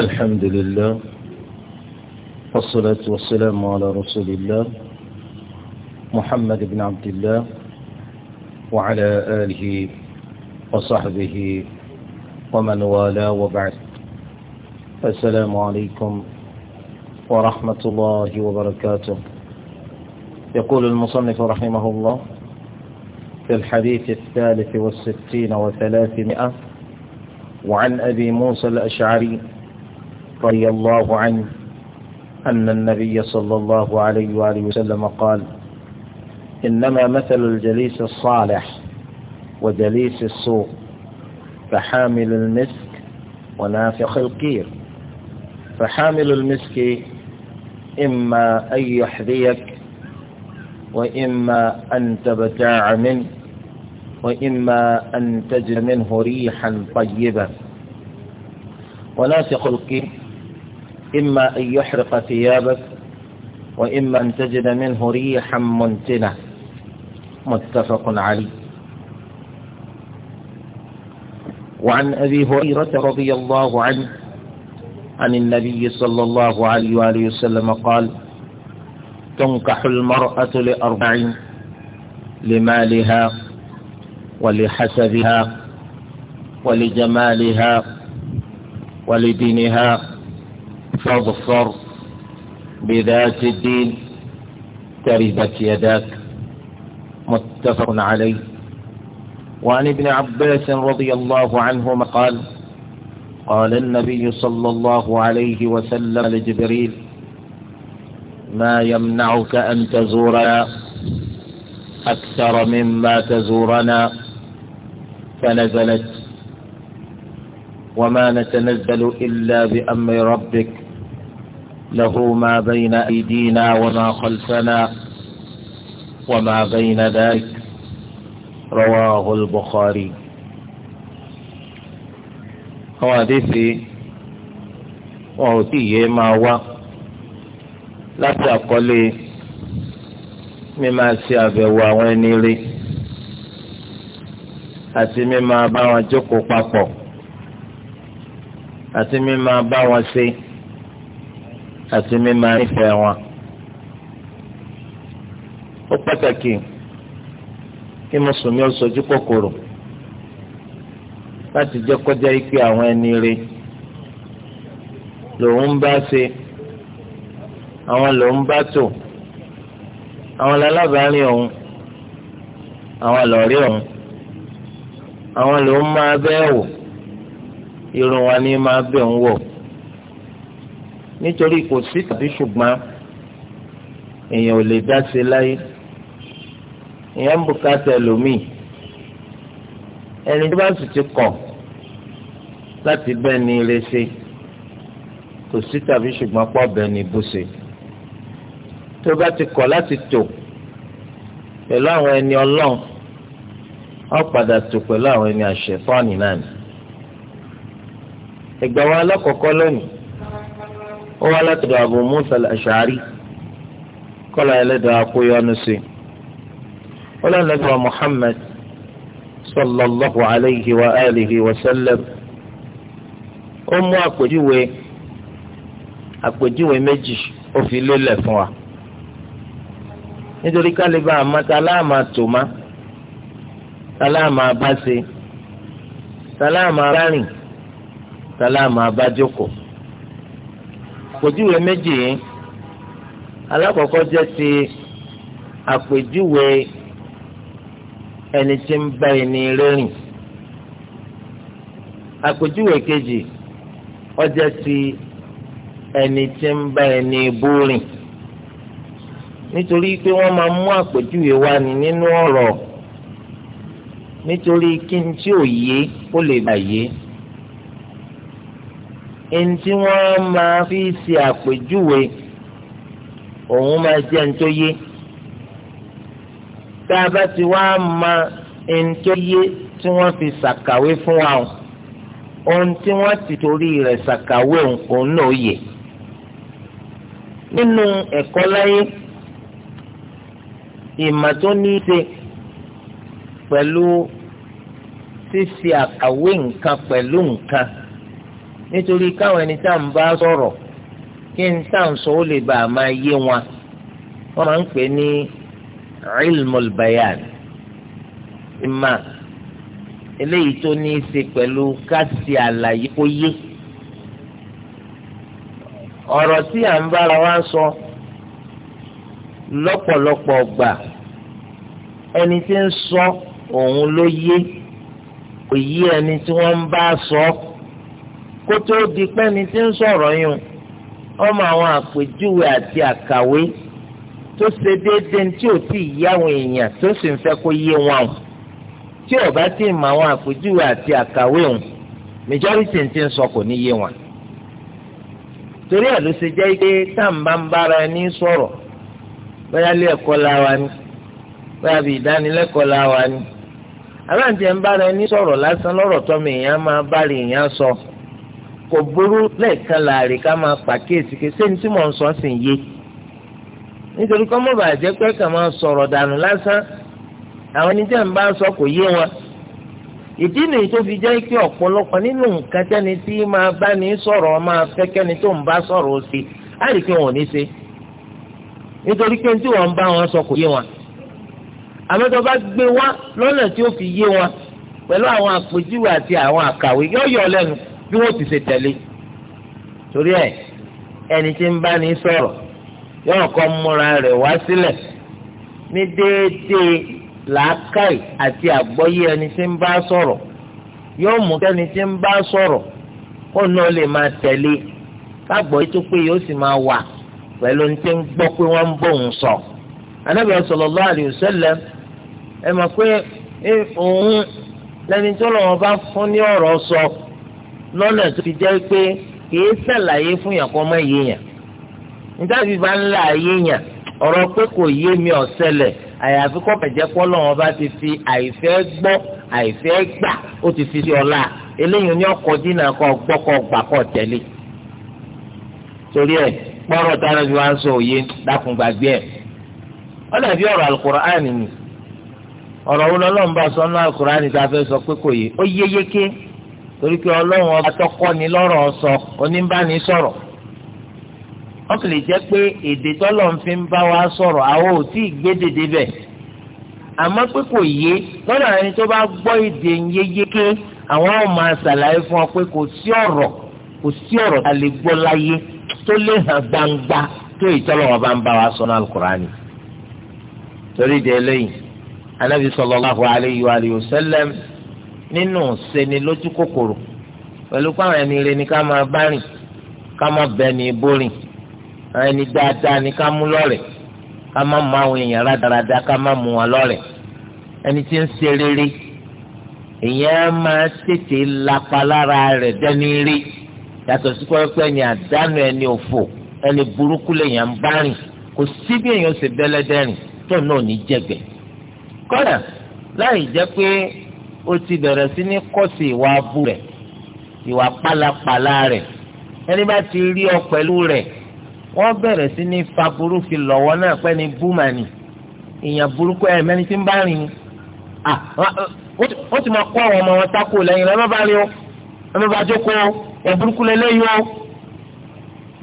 الحمد لله والصلاة والسلام على رسول الله محمد بن عبد الله وعلى آله وصحبه ومن والاه وبعد السلام عليكم ورحمة الله وبركاته يقول المصنف رحمه الله في الحديث الثالث والستين وثلاثمائة وعن أبي موسى الأشعري رضي الله عنه أن النبي صلى الله عليه وآله وسلم قال إنما مثل الجليس الصالح وجليس السوء فحامل المسك ونافخ القير فحامل المسك إما أن يحذيك وإما أن تبتاع منه وإما أن تجد منه ريحا طيبة ونافخ القير إما أن يحرق ثيابك وإما أن تجد منه ريحا منتنة متفق عليه وعن أبي هريرة رضي الله عنه عن النبي صلى الله عليه وآله وسلم قال تنكح المرأة لأربع لمالها ولحسبها ولجمالها ولدينها فرض الصرف بذات الدين تربت يداك متفق عليه وعن ابن عباس رضي الله عنهما قال قال النبي صلى الله عليه وسلم لجبريل ما يمنعك أن تزورنا أكثر مما تزورنا فنزلت وما نتنزل إلا بأمر ربك له ما بين أيدينا وما خلفنا وما بين ذلك رواه البخاري حوادثي وهوتي ما هو لا تقلي مما سيابوا ونيري àti mímọ̀ bá wọn jókòó papọ̀ àti mímọ̀ bá ṣe àti mímá nífẹ̀ẹ́ wọn. ó pàtàkì kí mùsùlùmí ó sojú kòkòrò láti jẹ́ kọjá ikpe àwọn ẹni rè lòun ń bá ṣe àwọn lòun bá tò àwọn lálábàárín òun àwọn lọ́rí òun àwọn lòun máa bẹ́ẹ̀ wò irun wa ní máa bẹ̀ ń wò nítorí kò sí tàbí ṣùgbọ́n èèyàn ò lè dá ṣe láyé èèyàn ń bùkátà ẹlòmíì ẹni tó bá sì ti kọ̀ láti bẹ́ẹ̀ ni ire ṣe kò sí tàbí ṣùgbọ́n pọ̀ bẹ́ẹ̀ ni bó ṣe tó bá ti kọ̀ láti tò pẹ̀lú àwọn ẹni ọlọ́run wọ́n padà tò pẹ̀lú àwọn ẹni àṣẹ fọ́ọ̀nì náà ni ẹgbẹ́ wọn alákọ̀ọ́kọ́ lónìí ó wá látọ̀dọ̀ Abu Musa al-Ash'ari kọ́lá ẹlẹ́dàá akóyọ́nu sí i ó lọ́nà Muhammad sallallahu alayhi wa alihi wa sallam ó mú àpèjúwe àpèjúwe méjì ó fi lélẹ̀ fún wa nítorí kálíbà àmọ́ta aláàmà tòmá aláàmà abáṣe sáláàmà abárìn sáláàmà abájókòó àpèjúwe méjì yìí alákọ̀ọ́kọ́ jẹ́ ti àpèjúwe ẹni tí ń bá ẹni rẹ́rìn àpèjúwe kejì ó jẹ́ ti ẹni tí ń bá ẹni búrìn nítorí pé wọ́n máa mú àpèjúwe wá ní nínú ọ̀rọ̀ nítorí kí n tí ò yé kó lè bà ẹni tí wọ́n máa fi ṣe àpèjúwe òun máa jẹ́ ẹni tó yé tá a bá ti wá ma ẹni tó yé tí wọ́n fi ṣàkàwé fún wa o ohun tí wọ́n ti torí rẹ̀ ṣàkàwé òun náà yẹ nínú ẹ̀kọ́ láyé ìmọ̀ tó ní í ṣe pẹ̀lú ṣíṣe àkàwé nǹkan pẹ̀lú nǹkan nítorí káwọn ẹni tá à ń bá sọ̀rọ̀ kí n tá à ń sọ ó lè bàa máa yé wọn wọ́n máa ń pè ní ilmul bayan ìmà eléyìí tó ní í ṣe pẹ̀lú káàsì àlàyé kó yé ọ̀rọ̀ tí à ń bára wa sọ lọ́pọ̀lọpọ̀ gbà ẹni tí ń sọ òun ló yé kò yé ẹni tí wọ́n ń bá sọ ọ́ kó tó di pẹ́ni tí ń sọ̀rọ̀ yún ọmọ àwọn àpèjúwe àti àkàwé tó ṣe déédéé tí ò tí ì yá àwọn èèyàn tó sì ń fẹ́ kó yé wọn tí ò bá tí ì mọ àwọn àpèjúwe àti àkàwé òun majority ti ń sọ kò ní yé wọn. torí ẹ̀ ló ṣe jẹ́ pé táǹbà ń bára ẹni sọ̀rọ̀ bóyá ilé ẹ̀kọ́ la wa ni bóyá bí ìdánilẹ́kọ̀ọ́ la wa ni àbáǹtí ẹ̀ ń bára ẹni sọ̀rọ̀ lásán lọ́rọ̀ tọ́mọ èèyàn máa bá lè èèyàn sọ. So kò burú lẹ́ẹ̀kan láàrin ká máa pàkíyèsí ké sẹ́ni tí mò ń sọ sì yé nítorí kọ́ mọ̀ bàjẹ́ pé kà máa sọ̀rọ̀ dànù lásán àwọn ẹni ń bá sọ kò yé wọn ìdí nìyí tó fi jẹ́ pé ọ̀pọ̀lọpọ̀ nínú nǹkan tẹ́ni tí máa bá ní sọ̀rọ̀ máa fẹ́ kẹ́ni tó ń bá sọ̀rọ̀ sí bá wọn sọ kò yé wọn àmọ́ bá gbé wá lọ́nà tí ó fi yé wọn pẹ̀lú àwọn àpèjúwe bí wọ́n ti ṣe tẹ̀lé torí ẹ̀ ẹni tí ń bá ní sọ̀rọ̀ yóò kọ́ múra rẹ̀ wá sílẹ̀ ní déédéé làákàì àti àgbọ́yé ẹni tí ń bá sọ̀rọ̀ yóò mú kẹ́ni tí ń bá sọ̀rọ̀ kó náà lè máa tẹ̀lé kágbọ́yé tó pé yóò sì máa wà pẹ̀lú ní tí ń gbọ́ pé wọ́n ń bóun sọ. Ànábì sallallahu alayhi wa sallam mọ̀ pé òun lẹni tó lọ́wọ́ bá fún ní ọ̀rọ̀ sọ. So lọ́nà tó fi jẹ́ pé kìí ṣàlàyé fún yàn kọ́ mọ́ èèyàn bá ń la ọ̀rọ̀ pé kò yé mi ọ̀sẹ̀lẹ̀ àyàfi kọ́ bẹ̀jẹ̀ pọ́ lọ́wọ́ bá ti fi àìfẹ́ gbà ó ti fi sí ọ̀la eléyìí ní ọkọ̀ dínà kọ́ gbọ́ torí kpọrọ fi wá ń sọ òye dákun gbàgbé ẹ ọ dàbí ọ̀rọ̀ alukur'an ni ọ̀rọ̀ bá torí pé ọlọ́run ọba tọ́kọ́ ni lọ́rọ̀ sọ oníbàní sọ̀rọ̀ wọ́n sì lè jẹ́ pé èdè tọ́lọ́run fi bá wa sọ̀rọ̀ àwọn ò tí ì gbé dèdè bẹ̀ àmọ́ pé kò yé lọ́dọ̀ àwọn ẹni tó bá gbọ́ èdè yékéké àwọn ò máa ṣàlàyé fún ọ pé kò sí ọ̀rọ̀ kò sí ọ̀rọ̀ tá a lè gbọ́ láyé tó lè hàn gbangba tó ìtọ́lọ́wọ́ bá ń bá wa sọ ní alukurani torí de eléyìí anabi sallallahu alayhi wa sallam nínú ṣeni lójú kòkòrò pẹ̀lú pé ẹni rẹ ni ká máa bá rìn ká máa bẹ̀ ní bórìn ẹni dáadáa ni ká mú lọ́rẹ̀ ká má mú àwọn èèyàn rádaràda ká má mú wọn lọ́rẹ̀ ẹni tí ń ṣe rere èèyàn máa tètè lapa lára rẹ̀ dẹ́ni rí yàtọ̀ sí pẹ́pẹ́ ni àdánù ẹni òfò ẹni burúkú lèèyàn ń bá rìn kò sí bí èèyàn ṣe bẹ́lẹ́dẹ́rìn tó náà ní jẹ̀gbẹ́ kọ́dà láì jẹ́ pé ó ti bẹ̀rẹ̀ sí ní kọ́sì ìwà abú rẹ̀ ìwà pálapàla rẹ̀ ẹni bá ti rí ọ pẹ̀lú rẹ̀ wọ́n bẹ̀rẹ̀ sí ní faburú fi lọ́wọ́ náà pẹ́ ní búmanì ìyàn burúkú ẹ̀ mẹ́ni tí ń bá rìn ó ti máa kó àwọn ọmọ wọn sáko lẹ́yìn rẹ̀ ẹ má bá rí o ẹ bá jókòó ẹ burúkú lélẹ́yìn o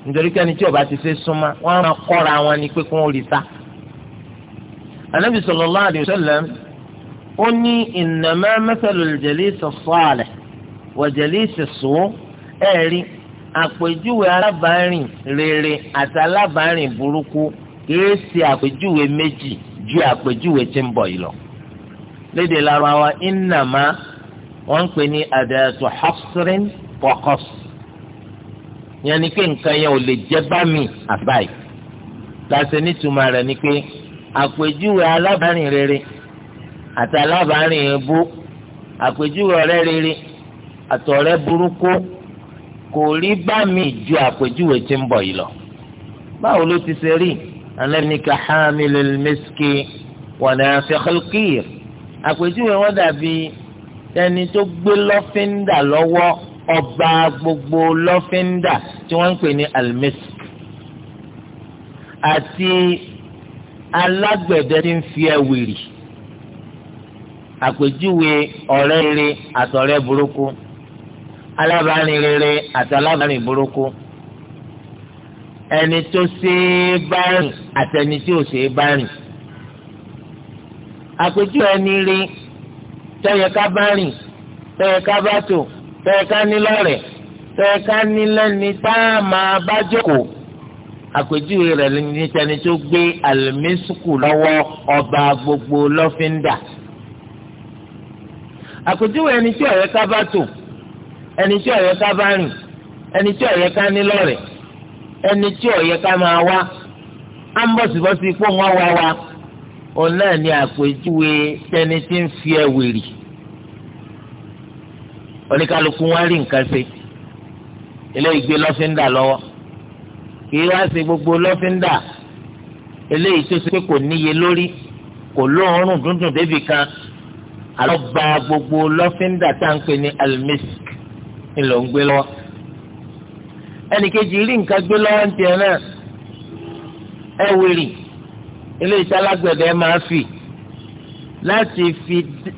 nítorí kí ẹni tí ọba ti fẹ́ súnmọ́ wọ́n máa kọ́ra wọn ni pé kí wọ́n rí sá. Ànábì sallallahu ó ní ìnàmá mẹ́sàlù jẹ̀lísì sọ́ọ̀lẹ̀ wọ̀ jẹ̀lísì sùn ẹ̀rí àpèjúwe alábàárìn rere àti alábàárìn burúkú kìí ṣe àpèjúwe méjì ju àpèjúwe tí ń bọ̀ yìí lọ. lédè Lárúbáwá ìnàmá wọ́n ń pè ní àdàtú hafsirin pọkọs yẹn ni pé nǹkan yẹn ò lè jẹ́ bá mi àbáyé láti nítumọ̀ rẹ̀ ni pé àpèjúwe alábàárìn rere àti alábàárìn ebó àpèjúwe ọ̀rẹ́ rere àtọ̀rẹ́ burúkú kò rí bá mi ju àpèjúwe tí ń bọ̀ yìí lọ. báwo ló ti ṣe rí alẹ́nìkà hamilil miski wọ̀nà àfẹ́kọ́lkìr àpèjúwe wọn dàbí ẹni tó gbé lọ́fíńdà lọ́wọ́ ọba gbogbo lọ́fíńdà tí wọ́n ń pè ní almisk àti alágbẹ̀dẹ tí ń fi ẹ̀wìrì. E àpèjúwe ọ̀rẹ́ rere àtọ̀rẹ́ burúkú alábàárìn rere àtàlábàárìn burúkú ẹni tó ṣe é bá rìn àtẹni tí ò ṣe é bá rìn àpèjúwe ẹni rí tẹ́yẹ ká bá rìn tẹ́yẹ ká bá tò tẹ́yẹ ká ní lọ́rẹ̀ tẹ́yẹ ká ní tá a máa bá jókòó àpèjúwe rẹ̀ ní tẹni tó gbé àlùmísùkù lọ́wọ́ ọba gbogbo lọ́fíńdà àpèjúwe ẹni tí ọ̀yẹ́ ká bá tò ẹni tí ọ̀yẹ́ ká bá rìn ẹni tí ọ̀yẹ́ ká ní lọ́rẹ̀ ẹni tí ọ̀yẹ́ ká máa wá á ń bọ̀sibọ́sí pọ̀ wá wá wá òun náà ni àpèjúwe tẹni tí ń fi ẹ̀wèrì oníkálukú wọn rí nǹkan ṣe eléyìí gbé lọ́fíńdà lọ́wọ́ kì í wá ṣe gbogbo lọ́fíńdà eléyìí tó ṣe pé kò níye lórí kò lóòórùn dúndùn débì kan alọgba gbogbo lọ́fíńdà tá à ń pè ní almisk ńlọ ń gbé lọ́wọ́ ẹnìkejì rí nǹkan gbé lọ́wọ́ ń tiẹ̀ náà ẹ wèrè ilé ìtalágbẹ̀dẹ máa fì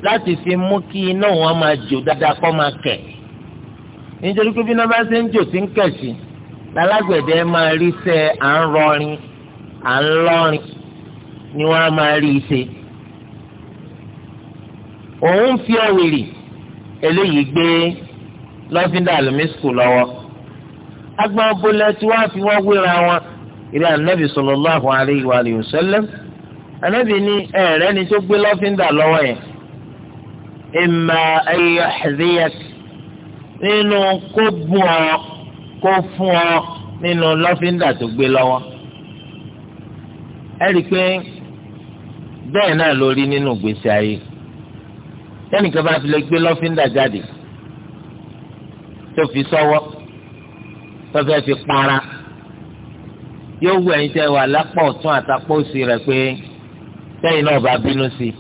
láti fi mú kí iná wọn máa jò dáadáa kó máa kẹ̀ nítorí pé bí iná bá ṣe ń jò sí ń kẹ̀ lálágbẹ̀dẹ máa rí sẹ́ à ń rọrin à ń lọ́rin ni wọ́n á máa rí i ṣe òun fi ọ̀wìrì eléyìí gbé lọ́fíńdà àlùmísùkù lọ́wọ́ agbọn bọlẹ tí wọ́n fi wọ́n wéra wọn ìrẹ anabi sallallahu alaihi wa alihi wasallam anabi ní ẹ̀rẹ́ ni tó gbé lọ́fíńdà lọ́wọ́ yẹn imma an yahziyak nínú kó bùn ọ kó fún ọ nínú lọ́fíńdà tó gbé lọ́wọ́ ẹ pé bẹ́ẹ̀ náà ló nínú ìgbésí ayé tẹ́nìkan bá fi lè gbé lọ́fíńdà jáde tó fi sọ́wọ́ tó fẹ́ fi para yóò wù ẹ̀yin tẹ́ wà lápá ọ̀tún àtàpọ̀ òsì rẹ̀ pé tẹ́yìn náà bá bínú sí i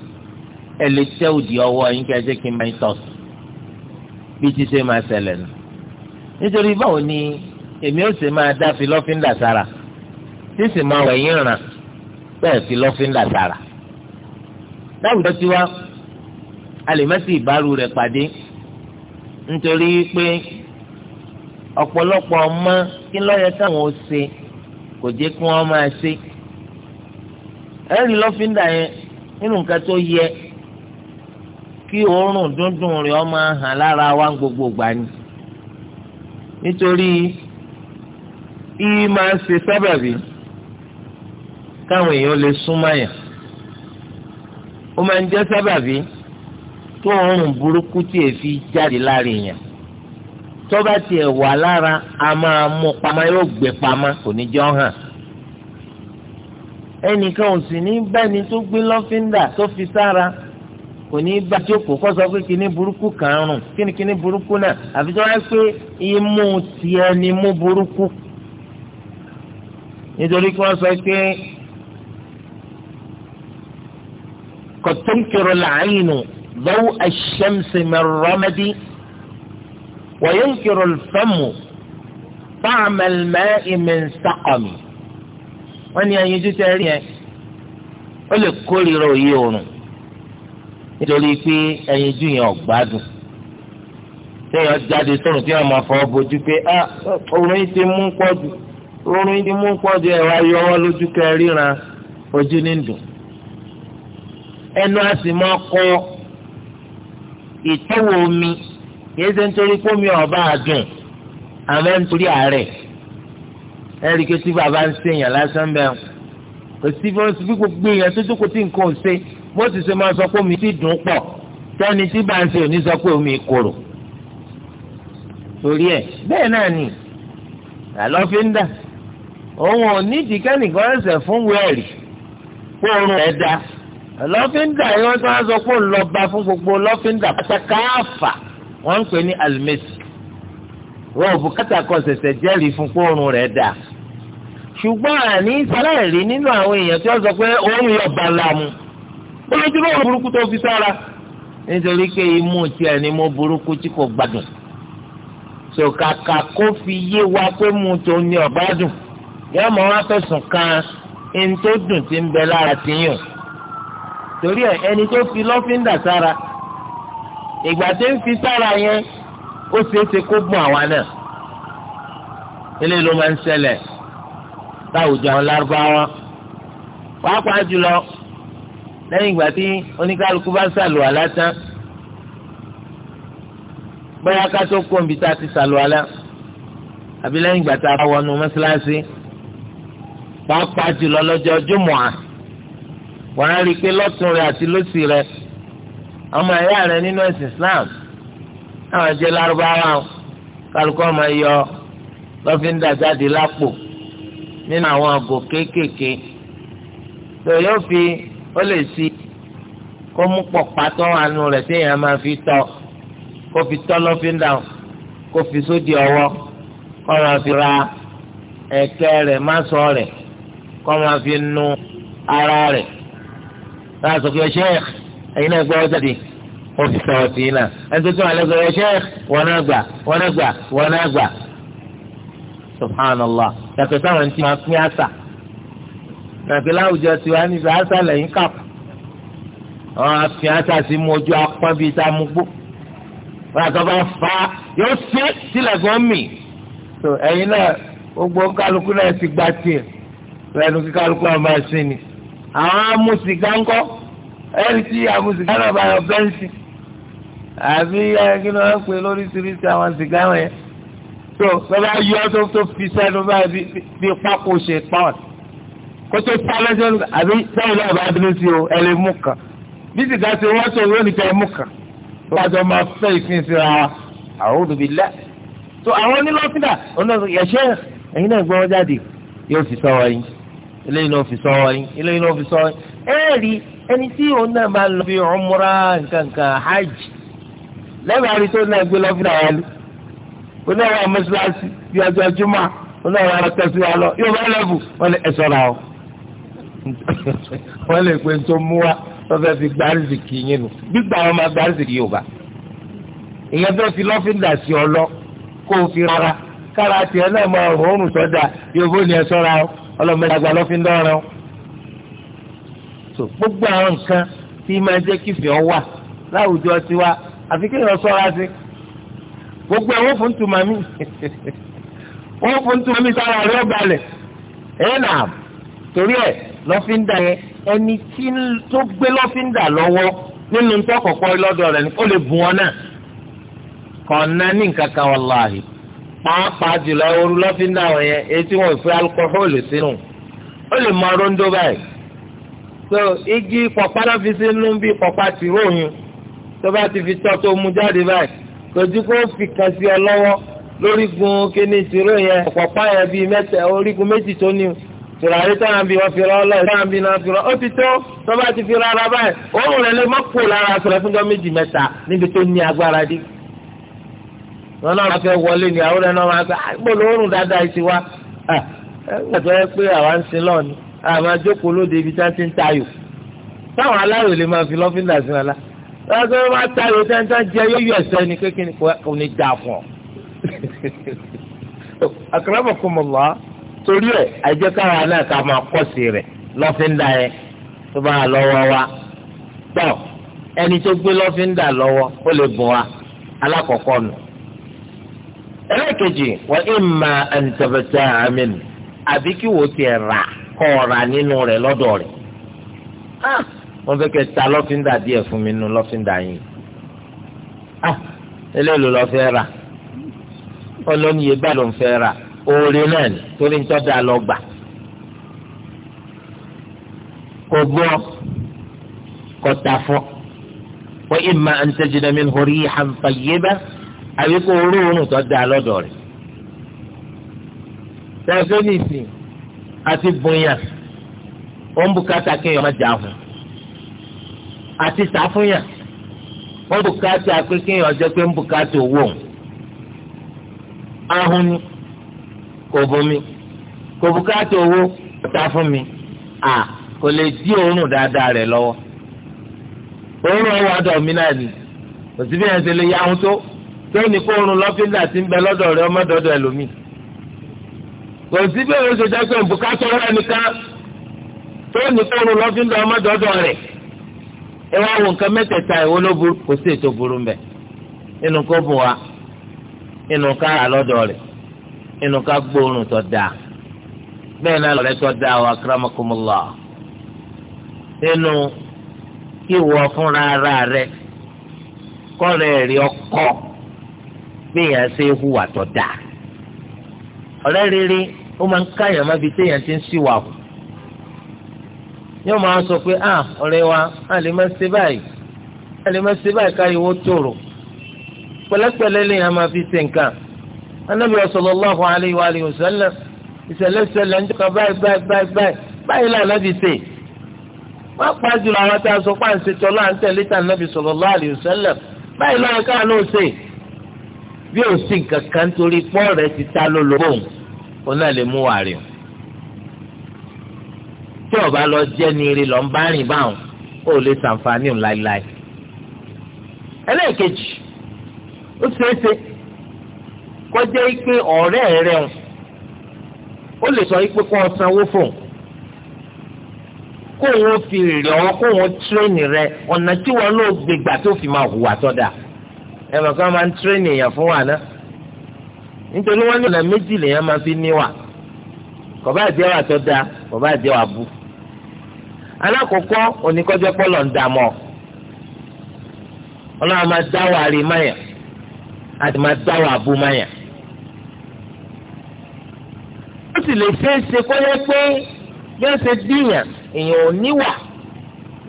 ẹ lè tẹ́ òdì ọwọ́ ẹ̀yin kí ẹ jẹ́ kí n máa tọ̀ bí ti ṣe máa ṣẹlẹ̀ nù. nítorí báwo ni èmi ó sì máa dá fi lọ́fíńdà sára tí sì máa wẹ̀yìn ràn bẹ́ẹ̀ fi lọ́fíńdà sára. láwùjọ tiwa. Alimasi ìbárù rẹ̀ pàdé nítorí pé ọ̀pọ̀lọpọ̀ ọmọ kí lọ́yẹ táwọn ò ṣe kò jẹ́ kí wọ́n máa ṣe ẹ̀rí lọ́fíńdà yẹn nínú nǹkan tó yẹ kí òórùn dúndùn rẹ̀ ó máa hàn lára wa gbogbo gbà ni nítorí ìyí máa ń ṣe sábàbí káwọn èèyàn lè súnmọ́ yàn ó máa ń jẹ́ sábàbí. tó òórùn burúkú tí èéfi jáde lára èèyàn tó bá tiẹ̀ wà lára a máa mú pamọ́ yóò gbé pamọ́ kò ní jọ hàn ẹnìkan ò sì ní bẹ́ni tó gbé lọ́fíńdà tó fi sára kò ní bá jókòó kọ́ sọ pé kíní burúkú kan rùn kíní kíní burúkú náà àfi tó wá pé imú tiẹ̀ ni mú burúkú nítorí kí wọ́n sọ pé kọ̀tẹ́ńkìrọ̀ làáyìn nù. ضوء الشمس من رمدي وينكر الفم طعم الماء من سقمي wọ́n ní ẹyinjú tẹ rí ẹ ó lè kórìíra òye oòrùn nítorí pé ẹyinjú yẹn ò gbádùn téèyàn jáde sọ̀rọ̀ tí wọ́n máa fọ bojú pé ah oòrùn yìí ti mú pọ̀ jù oòrùn yìí ti mú pọ̀ jù ẹ̀rọ ayé ọwọ́ lójú kẹrìnrán ojú ní dùn ẹnu á sì máa kọ́ ọ ìtọ́wò omi yéé ṣe nítorí pómi ọba àdùn àmọ́ nítorí àárẹ̀ ẹ̀rí kí tí bàbá ń ṣèyàn lásán bẹ́ẹ̀ kò sí bí gbogbo èèyàn tó jókòó tí nǹkan ò ṣe bó ti ṣe máa sọ pé omi ti dùn pọ̀ tẹ́ni tí bá ń ṣe òní sọ pé omi korò torí ẹ̀ bẹ́ẹ̀ náà ni àlọ́ fi ń dà òun ò ní ìdíkẹ́ nìkan ẹ̀sẹ̀ fún wẹ́ẹ̀rì kó oorun ẹ̀ dáa lọ́fíńdà yìí wọ́n ti wá sọ pé òun lọ bá fún gbogbo lọ́fíńdà pátákáàfà wọ́n ń pè ní alimẹ́sì wọn ò bùkátà kan ṣẹ̀ṣẹ̀ jẹ́rìí fún pọ́ọ̀rùn rẹ̀ dà ṣùgbọ́n àní sáláìrí nínú àwọn èèyàn tí wọ́n sọ pé òun yọ bala mu olójú lóun burúkú tó fi sára nítorí pé imú tiẹ̀ ni mo burúkú tí kò gbádùn sòkàkà kó fi yé wa pé mu tó ní ọ̀gbádùn yẹ́n torí ẹ ẹni tó fi lọ́fíńdà sára ìgbà tó ń fi sára yẹn ó ṣeé ṣe kó gbọ́n àwa náà eléyìí ló máa ń ṣẹlẹ̀ láwùjọ àwọn lárúbáwá pàápàá jùlọ lẹ́yìn ìgbà tí oníkálukú bá ṣàlùwà látàn bóyá ká tó kó tá a ti ṣàlùwà lá àbí lẹ́yìn ìgbà tá a bá wọnú mọ́ṣáláṣí pàápàá jùlọ lọ́jọ́ jùmọ̀à wàá rí i pé lọ́tún rẹ àti lọ́sì rẹ ọmọ ẹ̀yà rẹ nínú ẹ̀sìn Islam àwọn jẹ́ lárúbáwá kálukọ́ máa yọ lọ́fíńdà jáde lápò nínú àwọn àgò kéékèèké tó yóò fi ó lè si kó mú pọ̀ pátọ́ àánú rẹ̀ téèyàn máa fi tọ́ kó fi tọ́ lọ́fíńdà kó fi sódì ọwọ́ kó máa fi ra ẹ̀kẹ́ rẹ̀ má rẹ̀ kó máa fi nu ara rẹ̀ náà sọ pé ẹ ṣẹ́ẹ̀k ẹ̀yin náà gbọ́ ọ jáde ó fi sọ ọtí náà ẹni tó tún alẹ́ sọ ẹ ṣẹ́ẹ̀k wọn náà gbà wọn náà gbà wọn náà gbà subhanallah yàtọ̀ sáwọn ti máa pín àṣà nàbí láwùjọ tiwa níbi àṣà lẹ́yìn kàpọ̀ àwọn afi àṣà sí mu ojú apá bíi tá a mú gbó wọn àtọ́ba fa yóò ṣe sílẹ̀ gan mi ẹ̀yin náà gbogbo kálukú náà ti gbá tiẹ̀ lẹ́nu kí kálukú náà máa ṣe ni àwọn amúsìgá ńkọ́ ẹni tí amúsìgá náà bá yọ bẹ́ǹsì àbí kí ni wọ́n pè lóríṣiríṣi àwọn sìgá wọn yẹn tó lọ́ba yọ tó tó fi sẹ́nu báyìí bí pákó ṣe pọ́n kótó pálẹ́sẹ̀ àbí sẹ́yìn náà bá dúró sí o ẹ lè mú kàn bí sìgá ṣe wọ́n tó lónìí kẹ́ ẹ mú kàn wọ́n àjọ máa fẹ́ ìfín síra àwọn olùbílẹ̀ tó àwọn onílọ́sídà ọ̀nà ẹ̀ṣẹ́ ẹ̀yin náà gbọ́ jáde yóò fi sọ wọ́n yín eléyìí náà fi sọ́wọ́ yín eléyìí náà fi sọ́wọ́ yín ẹ̀ẹ́rì ẹni tí òun náà máa lọ bí ọmọra nkankan hajj lẹ́bàá rí tó náà gbé lọ́fíà wọn lù ó náà wà mọ́ṣáláṣí bí ọjọ́ jùmọ̀ ó náà wà lọ tẹ̀sí wa lọ yóò bá lẹ́bù wọ́n lè ẹ̀ sọ́ra o wọ́n lè pe tó mú wa wọ́n fẹ́ fi gbárísì kì í yín nu gbígbà wọn máa gbárísì kì í yóò bá ìyẹn fẹ́ fi lọ́fíńdà sí ọ lọ kó o fi rárá kára tiẹ̀ náà máa rọrùn sọ́dà yóò ọlọ́mọdé àgbà ló fi ń dọ́rọ̀ o so gbogbo àwọn nǹkan tí máa jẹ́ kí fìọ́ wà láwùjọ tiwa àfi kéèyàn sọ́ra sí gbogbo ẹ̀ wọ́n fún tùmọ̀ mi wọ́n fún tùmọ̀ mi sára rẹ̀ balẹ̀ ẹ̀ nà torí ẹ̀ lọ́fíńdà yẹn ẹni tí tó gbé lọ́fíńdà lọ́wọ́ nínú tọkọ̀kọ́ lọ́dọ̀ rẹ̀ ni ó lè bùn ọ náà kọ̀ọ̀nà ní nǹkan kan wàláhì pàápàá jùlọ ooru lọ́fíńdà wọn yẹn etí wọn fi alukóhólì sínú ó lè mọ rondo báyìí so igi pọ̀pá náà fi sínú bí pọ̀pá ti róyún tó bá ti fi tọ́ tó mu jáde báyìí kojú kó fi kàn sí ọ lọ́wọ́ lórígun kíní tìró yẹn pọ̀pá yẹn bíi mẹ́ta orígun méjì tó ní tùràrí táwọn bí wọn fi rọ ọlọ́ọ̀ táwọn bí náà fi rọ ó ti tó tó bá ti fi rọ ara báyìí òun rẹ̀ lè má kó lára sọ̀rọ̀ fúnjọ́ méjì mẹ́ta níbi tó ní agbára dé. wọn fẹ́ wọlé ni àwọn náà máa fẹ́ ah, gbọ́dọ̀ oorun dáadáa wa wá gbàtọ́ ah, pé àwa ń sin lọ́ọ̀ni àmọ́ àjókòó lóde ibi tí wọ́n ti ń tayò táwọn aláwọ̀ lè máa fi lọ́fíńdà sí wọn la wọ́n sọ máa tayò tí wọ́n ti ń jẹ yóyú ẹ̀sẹ̀ ni kékeré kò ní dà fún ọ. torí ẹ̀ náà ká máa kọ́ sí rẹ̀ yẹn tó lọ́wọ́ ẹlẹ́kejì wọ́n ìmà ẹ̀ǹtẹ̀fẹ̀tẹ̀ àmìn àbí kí wò ó ti rà kọ́ ra nínú rẹ̀ lọ́dọ̀ rẹ̀ ah, wọ́n fẹ́ kẹ́ ta lọ́fíńdà díẹ̀ fún mi nù lọ́fíńdà yìí ah, eléèlò lọ fẹ́ rà ọlọ́niyè bá ló ń fẹ́ rà oore náà ni torí ń tọ́da lọ gbà kò gbọ́ kò ta fọ́ wọ́n ìmà ẹ̀ǹtẹ̀jìdàmìn horí hàn fàyè bẹ́ẹ̀ àbí kó orúurùn tó da lọ́dọ̀ rẹ̀. tẹlifínísì àti bùnyà ó ń bùkátà kéèyàn má jà fún àti sàfúnyà ó ń bùkátà pé kéèyàn jẹ́ pé ń bùkátà owó òun. ahun ni kò bomi kò bùkátà owó ta fún mi à kò lè dí òórùn dáadáa rẹ̀ lọ́wọ́ òórùn ọwọ́ àdọ̀ mi náà ni kò sí lè yá ahun tó. sẹ́ni kó oorun lọ́fíńdà ti ń bẹ lọ́dọ̀ rẹ ọmọdọ́dọ̀ ẹlòmíì. kò sí bí èrò ṣe jẹ́ pé bùkátà sẹ́ni kó oorun lọ́fíńdà ọmọdọ́dọ̀ rẹ̀. ẹ wá wo nǹkan mẹ́tẹ̀ẹ̀ta ìwọ ló burú kò sí ètò burú inú kó inú ká rà lọ́dọ̀ rẹ̀ inú ká gbóòórùn tó dáa. bẹ́ẹ̀ náà lọ́rẹ́ béèyàn ṣe é hùwà tó dáa ọ̀rẹ́ rere ó máa ń káyàn má bi téèyàn ti ń ṣìwà hù yóò máa sọ pé ah ọ̀rẹ́ wa a lè má ṣe báyìí a lè má ṣe báyìí káyọ̀ owó tòrò pẹ̀lẹ́pẹ̀lẹ́ lè yàn máa fi ṣe nǹkan anábì sallallahu alayhi wa alihi wa sallam ìṣẹ̀lẹ̀ ṣẹlẹ̀ ń jọka báyìí báyìí báyìí báyìí báyìí lànà bí ṣe wọ́n pa jùlọ àwọn tá a sọ pé à ń ṣe tọ́lá à ń tẹ̀lé tà nábì sallallahu alayhi wa sallam báyìí lànà káà náà ṣe bí o sì kankan torí pọ́ rẹ̀ ti ta ló lóbò ń o náà lè mú wàrí o tí ọba lọ jẹ́ ni eré lọ́n bá rìn báwọn ó lè ṣàǹfààní òun láéláé ẹlẹ́ẹ̀kejì ó ṣeéṣe kọjá pé ọ̀rẹ́ rẹ̀ o ó lè sọ pé kó o sanwó fún kó o fi rìn ọ́ kó o rẹ ọ̀nà tí wọn ló gbégbà tó fi máa hùwà sọ́dà. So ẹ̀mọ̀ kan máa ń tírénì èèyàn fún wa náà nítorí wọ́n ní ọ̀nà méjì lèèyàn máa fi níwà kò bá jẹ́ wà tó dáa kò bá jẹ́ wà bú alákọ̀ọ́kọ́ oníkọ́jọ́ pọ́lọ̀ ń dà mọ́ ọlọ́run máa dá wà rí máyà àti máa dá wà bú máyà sì lè ṣe é ṣe kọ́lẹ́ pé yóò ṣe díyàn èèyàn ò níwà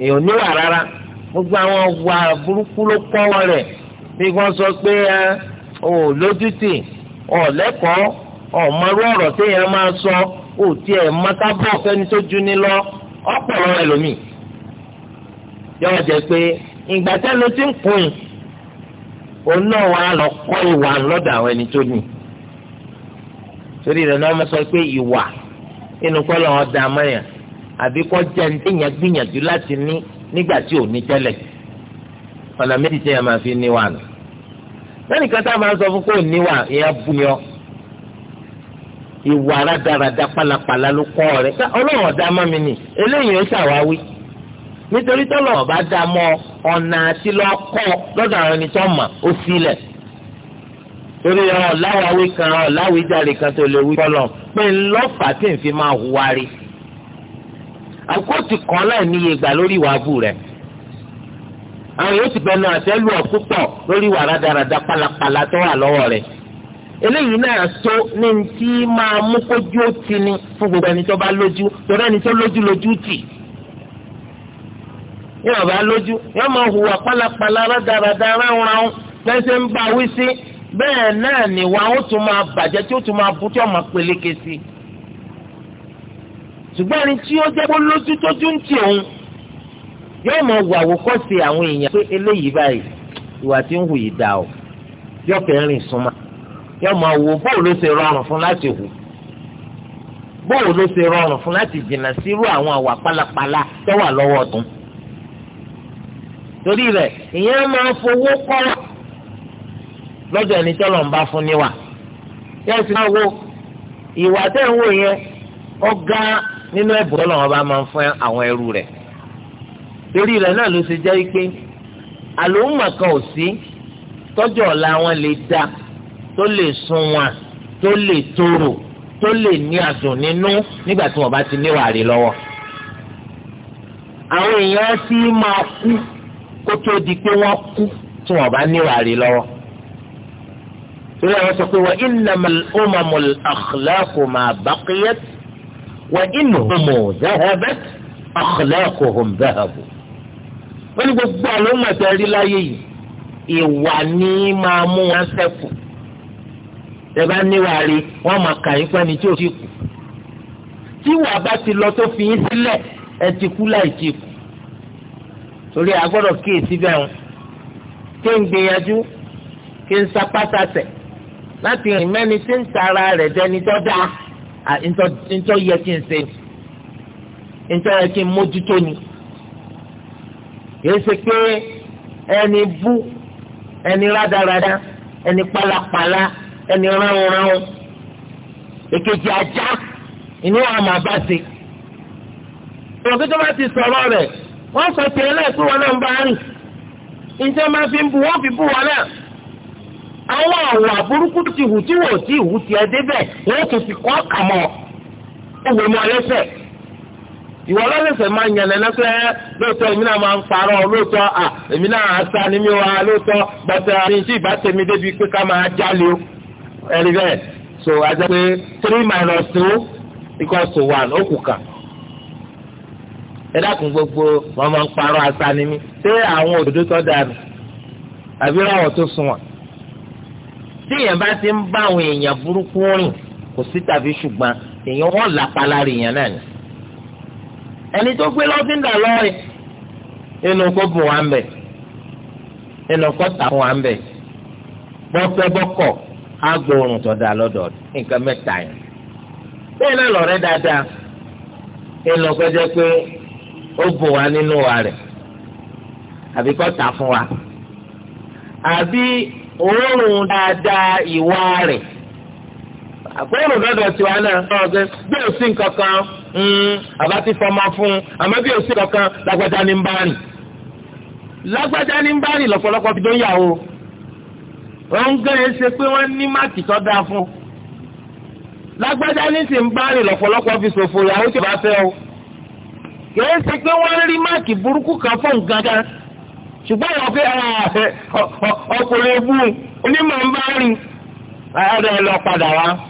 èèyàn ò níwà rárá gbogbo àwọn wà burúkú ló kọ́ wọ́n rẹ̀ bí wọ́n sọ pé ẹ ò lójútì ọ̀ lẹ́kọ̀ọ́ ọ̀mọ̀rú ọ̀rọ̀ téèyàn máa sọ ò tiẹ̀ mọ́tàbọ̀ fẹ́ni tó ju ní lọ ọ̀pọ̀lọ́ ẹlòmíì yọ jẹ pé ìgbà tẹ́lu ti ń kùn òun náà wà lọ kọ́ ìwà lọ́dọ̀ àwọn ẹni tó ní torí rẹ̀ náà wọ́n sọ pé ìwà inú kọ́ lọ́wọ́ da mọ́yàn àbí kọ́ jẹ́ ní téèyàn gbìyànjú láti ní nígbà tí ò ní tẹ́lẹ̀ ọ̀nà méjì téèyàn máa fi níwà nù lẹ́nìkan tá a máa ń sọ fún kó níwà ìyẹn bú ni ọ ìwà rádaràda pálapàla ló kọ́ rẹ ọlọ́run ọ̀dà mọ́ mi nì eléyìí ó ṣàwáwí nítorí tọ́lọ̀ ọ̀bá dá mọ́ ọ̀nà àti lọ́kọ́ lọ́dọ̀ àwọn ẹni tó mọ̀ ó sílẹ̀ torí ọ̀làwáwí kan ọ̀làwí jáde kan tó lè wí kọ́lọ̀ pé ńlọ́fà tí n fi máa hùwárí àkóòtù kan láì níye gbà lórí ìwà abú rẹ̀ àwọn yóò sì bẹnu àtẹ́ lù ọ́ púpọ̀ lórí wàrà dáradá pálapàla tó wà lọ́wọ́ rẹ̀ eléyìí náà tó ní ti máa mú kójú ó ti ni fún gbogbo ẹni tó bá lójú torí ẹni tó lójú lójú tì yóò bá lójú yóò máa hùwà pálapàla rádaràdà ráúnráún pẹ́ńsẹ́ ń bá wí sí bẹ́ẹ̀ náà nìwà ó tún máa bàjẹ́ tí ó tún máa bú tí ó máa peléke sí ṣùgbọ́n ẹni tí ó jẹ́ kó lójú tójú ń tì òun yóò mọ wù àwòkọ́sí àwọn èèyàn pé eléyìí báyìí ìwà tí ń hù yìí dà o yóò fẹ́ rìn súnmọ́ yóò mọ wò bóòlù ló ṣe rọrùn fún láti hù bóòlù ló ṣe rọrùn fún láti jìnnà sírú àwọn àwà pálapàla tó wà lọ́wọ́ ọ̀tún torí rẹ ìyẹn máa fowó kọ́ lọ́dọ̀ ẹni tọ́lọ̀ ń bá fún níwà yóò sì máa wo ìwà tẹ̀ ń wò yẹn ọ̀gá nínú ẹ̀bùn tọ́lọ̀ wọn bá máa ń fún àwọn ẹrú rẹ̀ torí rẹ̀ náà ló ṣe jẹ́ pé àlòmọ̀ kan ò sí tọ́jú ọ̀la wọn lè da tó lè sunwọ̀n tó lè tòrò tó lè ní àdùn nínú nígbà tí wọ́n bá ti níwà rí lọ́wọ́. àwọn èèyàn sì máa kú kó tó di pé wọ́n kú tí wọ́n bá níwà rí lọ́wọ́. torí àwọn sọ pé wa innamal umamul akhlaqu ma baqiyat wa innahum dhahabat akhlaquhum dhahabu wọ́n ní gbogbo àlómọ̀tẹ́ rí láyé yìí ìwà ní máa mú wọn sẹ́kù tẹ̀bá níwà rí wọ́n máa kà yín pẹ́ni tí ò ti kù tí ìwà bá ti lọ tó fi yín sílẹ̀ ẹ ti kú láì ti kù torí a gbọ́dọ̀ kíyèsí bẹ́ẹ̀ wọn kí n gbìyànjú kí n sapá sasẹ̀ láti rìn mẹ́ni tí ń tara rẹ̀ dẹni tó dáa ntọ́ yẹ kí n ṣe ntọ́ yẹ kí n mójútó ni kìí ṣe pé ẹni bú ẹni rádaràda ẹni pálapàla ẹni ránunránun èkejì ajá ìní àwọn màbá ṣe. ìròkè tó bá ti sọ̀rọ̀ rẹ̀ wọ́n sọ tiẹ̀ náà pé wọn náà ń bá rìn ìjọ máa fi ń bu wọ́n fi bú wọn náà àwọn ọ̀rọ̀ àbúrúkú ti hù tí wò ó ti hù tiẹ̀ débẹ̀ wọ́n tún ti kọ́ kàmọ́ ọ̀gbọ̀n mọ́ ẹlẹ́sẹ̀ ìwọ lọ́sẹ̀sẹ̀ máa ń yànnà náà pé lóòótọ́ èmi náà máa ń parọ́ lóòótọ́ à èmi náà á sá ni mi wá lóòótọ́ bàtà mi tí ìbá tèmi débi pé ká máa jálè o ẹ̀rí bẹ́ẹ̀ so àti pé three minus two equals to one ó kù kàn ẹ dákun gbogbo wọn máa ń parọ́ asá ni mi ṣé àwọn òdòdó tó dànù àbí ráwọ̀ tó sunwọ̀n tí èèyàn bá ti ń bá àwọn èèyàn burúkú rìn kò sí tàbí ṣùgbọ́n èèyàn wọ́n làpá lára èèyàn náà ni ẹni tó gbé lọ́fíńdà lọ́ọ̀rì inú kó bùn wá ń bẹ̀ inú kó tà fún wá ń bẹ̀ bọ́fẹ́ bọ́kọ̀ á gbóòórùn lọ́dọ̀ nǹkan mẹ́ta yẹn bẹ́ẹ̀ náà lọ́rẹ́ dáadáa inú kó jẹ́ pé ó wá nínú wa àpérò lọ́dọ̀ tiwa náà ọ̀rọ̀ pé bí o sí nǹkan kan mm, àbá ti fọmọ fún un àmọ́ bí o sí nǹkan kan lágbájá ní ń bá rìn lágbájá ní ń bá rìn lọ́pọ̀lọpọ̀ fi dóyàwó wọ́n gẹ́ ẹ ṣe pé wọ́n ní máàkì tó dáa fún un lágbájá ní sì ń bá rìn lọ́pọ̀lọpọ̀ fi ṣòfò ìyàwó tí bá fẹ́ o kì í ṣe pé wọ́n rí máàkì burúkú kan fún gangan ṣùgbọ́n ìwọ pé ah, ọkùnrin ebú onímọ̀ ń bá rìn ọ̀rẹ́ lọ padà wá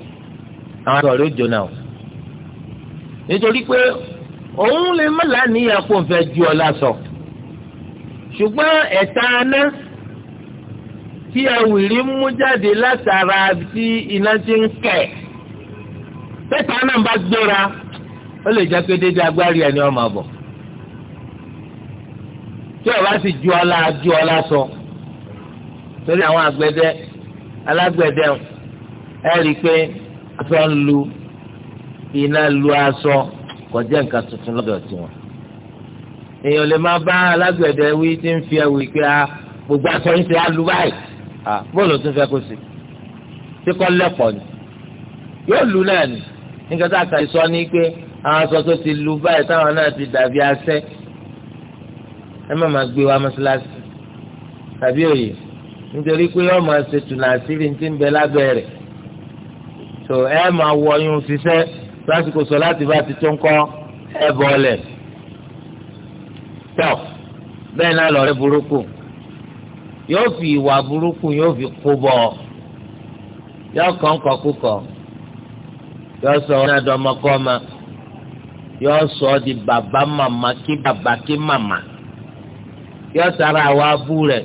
àwọn aṣọ rẹ̀ ó jóná o nítorí pé òun lè má láníyàn kó n fẹ́ ju ọ lásọ ṣùgbọ́n ẹ̀ta aná tí ẹwìrì ń mú jáde látara tí iná ti ń kẹ̀ tẹ́ta náà bá gbéra ó lè jẹ́ pé déédéé agbárí ẹ̀ ni bọ̀ tí ọba sì ju ọlá ju ọlá sọ torí àwọn àgbẹ̀dẹ alágbẹ̀dẹ ẹ̀ rí i pé aṣọ ń lu iná lu aṣọ kọjá nǹkan tuntun lọ́dọ̀ tiwọn. èèyàn lè máa bá alágbẹ̀dẹ wí tí ń fi ẹwì pé a ah, gbogbo aṣọ yín ti á lu báyìí ah, bóòlù tún fẹ́ kó sí tí kò lẹ́pọ̀ ni yóò lu náà ni nígbà tá a kà sọ ni pé àwọn aṣọ tó ti lu báyìí táwọn náà ti dàbí asẹ́ ẹ má máa gbé wa mọ́ṣáláṣí tàbí òye nítorí pé ọmọ ṣètùnà àṣírí ti ń bẹ lábẹ́ rẹ̀ tó ẹ máa wọ yún ṣiṣẹ́ lásìkò sọ láti bá ti tó ń kọ́ ẹ bọ́ọ̀lẹ̀ tó bẹ́ẹ̀ náà lọ́rẹ́ burúkú yóò fi ìwà burúkú yóò fi kó bọ̀ yóò kàn kọ́ kúkọ́ yóò sọ ọ́ náà dọ́mọkọ́ ma yóò sọ ọ́ di bàbá màmá kí bàbá kí màmá yóò sara àwọn abú rẹ̀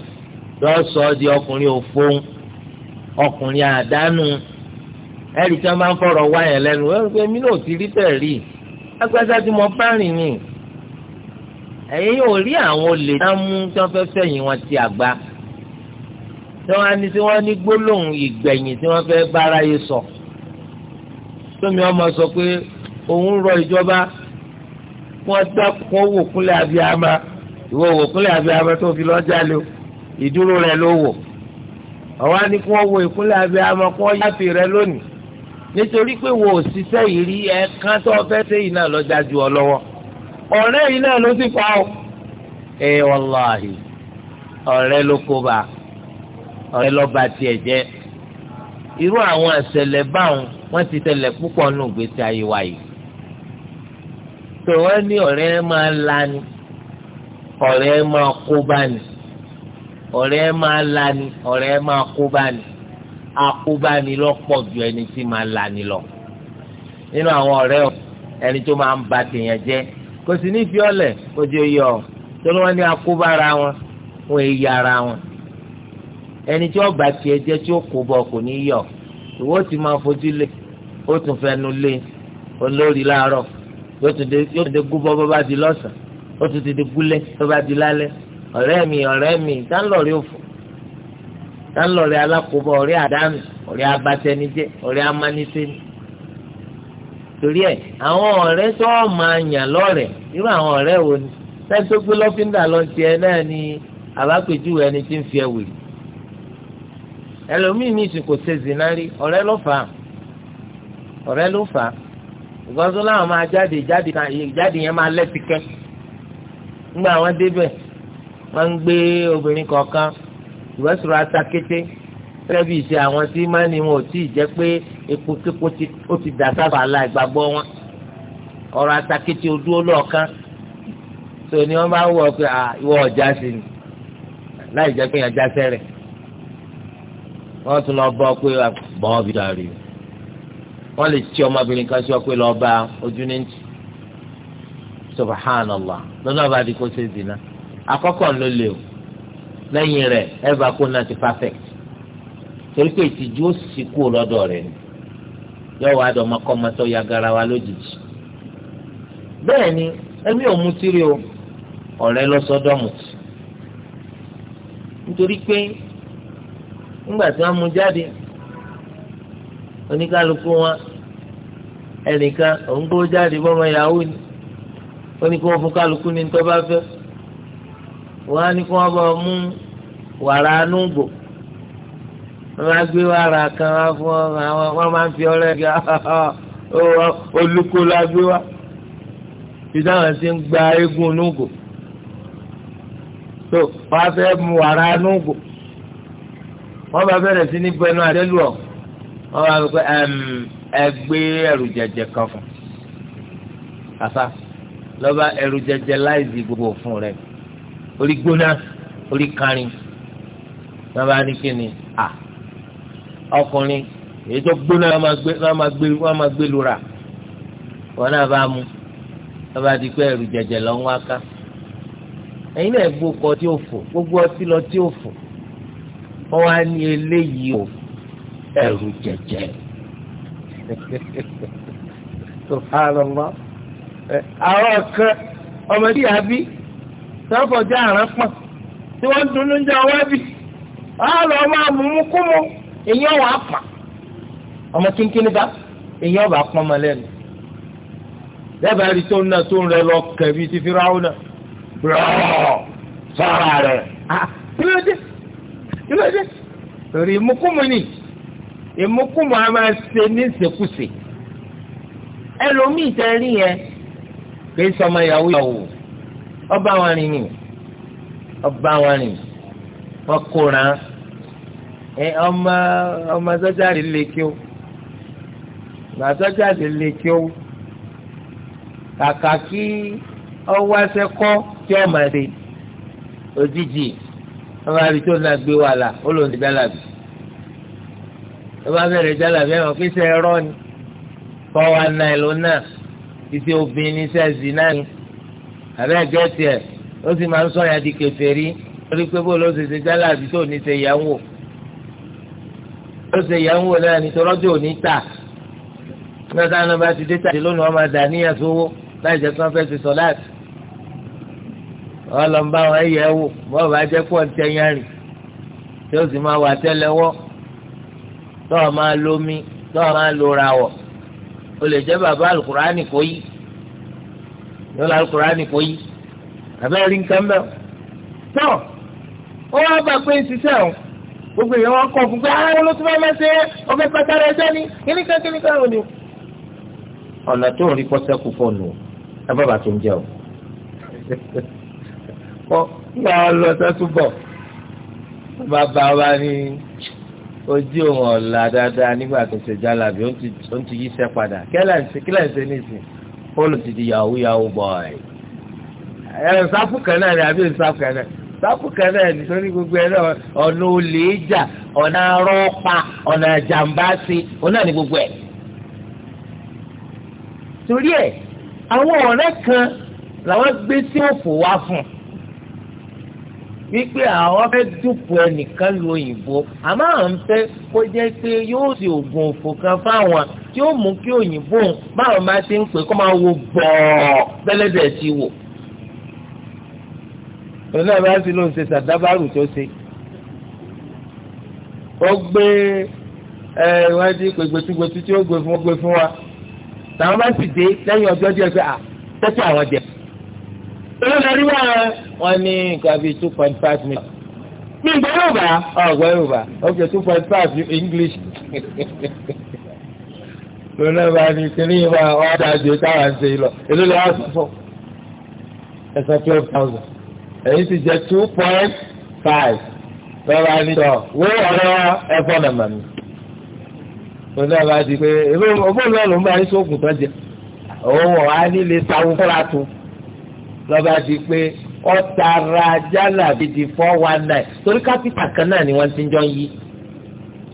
yóò sọ ọ́ di ọkùnrin òfóun ọkùnrin àdánù. ẹ̀rì tí wọ́n máa ń fọ̀rọ̀ wá yẹn lẹ́nu ẹ̀ pé mi náà ti rí bẹ́ẹ̀ rí agbẹ́sẹ̀ tí mo bá rìn ni ẹ̀yin yóò rí àwọn olè tí wọ́n mú tí wọ́n fẹ́ fẹ̀yìn wọn ti àgbà tí wọ́n á ní tí wọ́n ní gbólóhùn ìgbẹ̀yìn tí wọ́n fẹ́ bára yé sọ tómi ọmọ sọ pé òun rọ ìjọba wọ́n dákun wò kúnlẹ̀ abiyama ìwọ wò kúnlẹ̀ abiyama tó fi lọ́jà lé o ìdúró rẹ̀ ló wò ọ̀wá ní kí wọ́n wo ìkúnlẹ̀ abiyama kí wọ́n yáfi rẹ̀ lónìí nítorí pé wo òṣìṣẹ́ yìí rí ẹ̀ẹ̀kan tó fẹ́ ṣe yìí náà lọ́jà ju ọ lọ́wọ́ ọ̀rẹ́ yìí náà ló sì pa ọ́ ẹ wàláhì ọ̀rẹ́ ló kó bá ọ̀rẹ́ ló bà tiẹ̀ jẹ́ irú àwọn àṣẹlẹ̀ báwọn wọ́n ti tẹ̀lẹ̀ púpọ̀ nù gbèsè ayé wa yìí tó wọ́n ní ọ̀rẹ́ máa lani ọ̀rẹ́ máa kó bá ni ọ̀rẹ́ máa lani ọ̀rẹ́ máa kó bá ni akóbánilọ ju ẹni tí máa lani lọ nínú àwọn ọ̀rẹ́ ẹni tó máa ń ba tèèyàn jẹ́ kò sí ní fi ọ̀lẹ̀ ojú yọ ọ tó ló wọn ní akóbára wọn wọn èyí ara wọn ẹni tí ọba tiẹ̀ jẹ́ tí ó kó bọ kò ní yọ ìwọ ti máa fojú lé ó tún fẹnu lé olórí láàárọ̀ yóò tún dé gúbọ bó bá di lọ́sàn ó tún ti di gúlẹ bó bá di lálẹ́ ọ̀rẹ́ mi ọ̀rẹ́ mi tá òfò lọ́ọ̀rẹ́ alákòóbọ̀ ọ̀rẹ́ àdánù ọ̀rẹ́ abatẹnijẹ́ ọ̀rẹ́ amánisẹ́ni. torí ẹ̀ àwọn ọ̀rẹ́ tó máa yàn lọ́rẹ̀ irú àwọn ọ̀rẹ́ wo ni sẹ́ni tó lọ́fíńdà lọ náà ni àbápèjúwe ẹni tí ń fi ẹ̀wì. ẹlòmíì ní ìsìn ṣe zinari ọ̀rẹ́ ló fà á ọ̀rẹ́ ló fà á ìgbọ́nsọ́ láwọn máa jáde ìjáde ìwẹ́ sọ̀rọ̀ atakété gẹ́gẹ́ bí ìṣe àwọn tí mánì wọn ò tí ì jẹ́ pé epo kíkó ó ti dà sábà la ìgbàgbọ́ wọn ọ̀rọ̀ atakété o dúró lọ́ọ̀kan tó ni wọ́n bá wọ̀ pé ìwọ ọ̀já sí ni láì jẹ́ pé ìyànjá sẹ́rẹ̀ wọ́n tún lọ bọ́ pé bọ́ọ̀ bí dàrí wọ́n lè tí ọmọbìnrin kan sí ọ pé lọ́ọ́ bá ojú ní ti subhanallah lọ́nà bá di kó ṣe zina akọ́kọ́ ló lè o lẹ́yìn rẹ̀ ẹ kó náà ti perfect torí pé ìtìjú ó sì kú lọ́dọ̀ rẹ̀ ni yọ wá dọ̀ ọmọ kọ́mọ tó ya gara wa lójijì bẹ́ẹ̀ ni ẹbí ò mutí rí o ọ̀rẹ́ lọ sọ́dọ̀ mutí nítorí pé nígbà tí wọ́n mú jáde oníkálukú wọn ẹnìkan òun kó jáde bọ́mọ yahoo ni ó fún kálukú ní tó bá fẹ́ wọ́n á ní kí wọ́n bá mú wàrà anúgbò wọ́n máa gbé wàrà kan wá fún wọn máa ń fi ọ̀rẹ́ gà olùkó la gbé wá ìdá wọn ti ń gba eégún onúgbò tó wọ́n á fẹ́ mu wàrà anúgbò wọ́n bá bẹ̀rẹ̀ sí ní bẹnu àtẹ́lù ọ̀ wọ́n bá wípé ẹgbẹ́ ẹrù jẹjẹ kan fún un lọ́ba ẹrù jẹjẹ láìsí gbogbo fún rẹ̀ orí gbóná orí kárin wọn bá ní kí ni à ọkùnrin èyí tó gbóná wọn máa gbé wọn máa gbé lura wọn náà bá mú wọn bá di pé ẹrù jẹjẹ lọ ń wá ká ẹyin náà gbó kọ tí ó fò gbogbo ọtí lọ tí ó fò wọn wá ní eléyìí ò ẹrù jẹjẹ tó fà lọ mọ àwọn kan ọmọdé yà bí sọ́kọ̀já àrán pọ̀n tí wọ́n dunu ń jẹ ọwọ́ bí wàá lọ máa mú mú kú mu èyí ọ̀wọ́ àpà ọmọ kínkínní bá èyí ọ̀bà pọ́n mọ́ lẹ́nu dábàá rí tó ń nà tó ń rẹ lọ kẹ̀bi ti fi ráwọ́ náà rọ̀ọ̀ sọ́ra rẹ̀ ah, kílódé kílódé torí ìmúkúmu ni ìmúkúmu a máa ṣe ní ìṣekúṣe ẹlòmíì tẹ́ rí yẹn kì sọmọ ìyàwó yàwó ọba wọn rìn ni ọba wọn rìn wọn kóra ẹ ọmọ ọmọ sọjà rẹ lè kí o ọmọ sọjà rẹ lè kí o kàkà kí ọwọ́ ẹsẹ kọ́ tí ọmọ ẹ òjijì ọmọ àbí tó náà gbé wà là ó jálàbí ọba bẹ̀rẹ̀ jálàbí ẹ̀ wọ́n fi ṣe ẹ̀rọ ni kọ́ wa náà ẹ̀ lónà ìṣe obìnrin iṣẹ́ ẹ̀sìn náà ni àbẹ́ ẹ̀gẹ́ tiẹ̀ ó sì máa ń sọ yẹn di kèfèrí lórí pé bó ló ṣe ṣe jálàbí tó ní ṣe yẹn wò ó ṣe yẹn wò náà ní tọ́lọ́jọ́ òní tà nígbà tí wọn bá ti dé tàdé lónìí wọn máa dà níyà sówó láì jẹ́ kí wọ́n sọ láti wọ́n wọn yẹ̀ wò bọ́ọ̀ bá jẹ́ pọ̀ ń tẹ̀yàn rìn tí ó sì máa wà tẹ́lẹ̀wọ́ tọ́ọ̀ máa lómi tọ́ọ̀ máa lóra wọ̀ o lè jẹ́ bàbá alukurani kò yí yóò la alukurani kò yí abẹ́ rí nǹkan bẹ́ẹ̀ tó ó wá bá pé ṣiṣẹ́ o gbogbo èèyàn wọn kọ fún pé ara ah, wọn ló tún bá máa ṣe ọbẹ̀ pàtàkì ẹ̀ṣẹ́ ni kíníkan kíníkan ò ní. ọ̀nà tó ń rí pọ́sẹ́kù fọ́ọ̀nù ẹ bá bàtò ń jẹ o kọ́ nígbà wọn lọ sẹ́túbọ̀ bàbá wa ni ojú òun ọ̀la dáadáa nígbà tó ṣe jálàbí ó ń ti yí sẹ́ padà kílẹ̀ ń ṣe nísìnyí. Paul ti di yahoo yahoo boy ẹ sáfù kan náà ni àbí sáfù kan náà sáfù kan náà ni torí gbogbo ẹ náà ọ̀nà olè jà ọ̀nà arọ́pa ọ̀nà jàǹbá sí ọ̀nà ni gbogbo ẹ̀. torí ẹ̀ àwọn ọ̀rẹ́ kan làwọn gbé sí òfò wá fún un wípé àwọn fẹ́ dùpò ẹnìkan lu òyìnbó àmọ́ àwọn fẹ́ kó jẹ́ pé yóò ṣe oògùn òfò kan fáwọn tí ó mú kí òyìnbó báwọn máa ṣe ń pè kó máa wo gbọ̀ọ̀ bẹ́lẹ́dẹ̀ ti wò. òun náà bá sí ló ń ṣe sàdábàrù tó ṣe. ó gbé ẹ ìwádìí pègbètúgbètú tí ó gbé fún ó gbé fún wa. làwọn bá sì dé lẹ́yìn ọjọ́ díẹ̀ pé à tẹ́tí àwọn jẹ̀ pẹ̀lú ẹ̀rí wà ẹ̀. wọ́n ní nǹkan bíi two point five million. mi ò gbọ́ Yorùbá. ọ̀ gbọ́ Yorùbá ok two point five English. lónà bá ní kíní ìwà ọ̀dà àjò táwọn ṣe lọ èló lè wá sọ́fọ́ ẹ̀sọ́ twelve thousand èyí ti jẹ́ two point five lọ́ba ní tọ́ wó ọ̀rọ̀ ẹ̀fọ́ nàmà mi lónà bá di pé èmi òbó lọ́ọ̀lù ń bá yín sóògùn tó jẹ òun ọ̀ á nílé sáwó fúnra tún lọ́ba di pé ọ̀tara jálà bíi di four one nine torí kápítà kan náà ni wọ́n ti jọ ń yí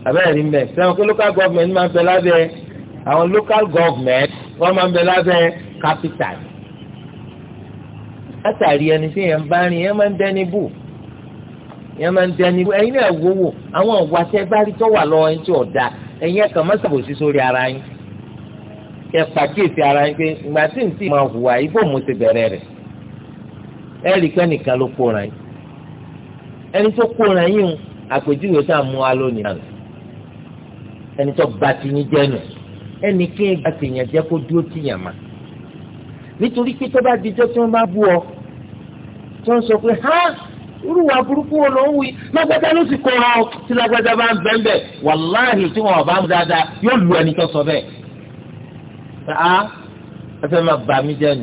abẹ́rẹ́ rí mẹ́ sẹ́wọ̀n pé local government máa ń bẹ lábẹ́ àwọn local government wọ́n máa ń bẹ lábẹ́ capital látàrí ẹni tí yẹn ń bá rìn yẹn máa ń dẹ́ni bù yẹn máa ń dẹ́ni bù ẹ̀yin náà wò wò àwọn ọ̀wà tẹ́ bá rí tọ́wà lọ́wọ́ ẹni tí ò da ẹ̀yin ẹ̀kan má ṣàbòsí sórí ara yín kẹ́ pàkíyèsí ara yín pé ìgbà tí n ti máa hùwà ibò mo ti bẹ̀rẹ̀ rẹ̀ ẹ̀rí kẹ́nìkan ló kóra yín ẹni tó kóra yín àpèjúwe tá a mú wa lónìí náà ẹni tó bá ti ní jẹ́nu ẹni kí ẹ bá ti yàn jẹ́ kó dúró ti yàn má nítorí pé tó bá di jọ́ tí wọ́n bá bú ọ tó ń sọ pé ha irúwà burúkú wo ló ń wí lágbàdá ló sì kóra ọ tí lágbàdá bá ń bẹ́ẹ̀ wàláhì tí wọn bá ń dáadáa yóò lu ẹni tó sọ bẹ́ẹ̀. ṣáà ẹ fẹ́ máa bà mí jẹ́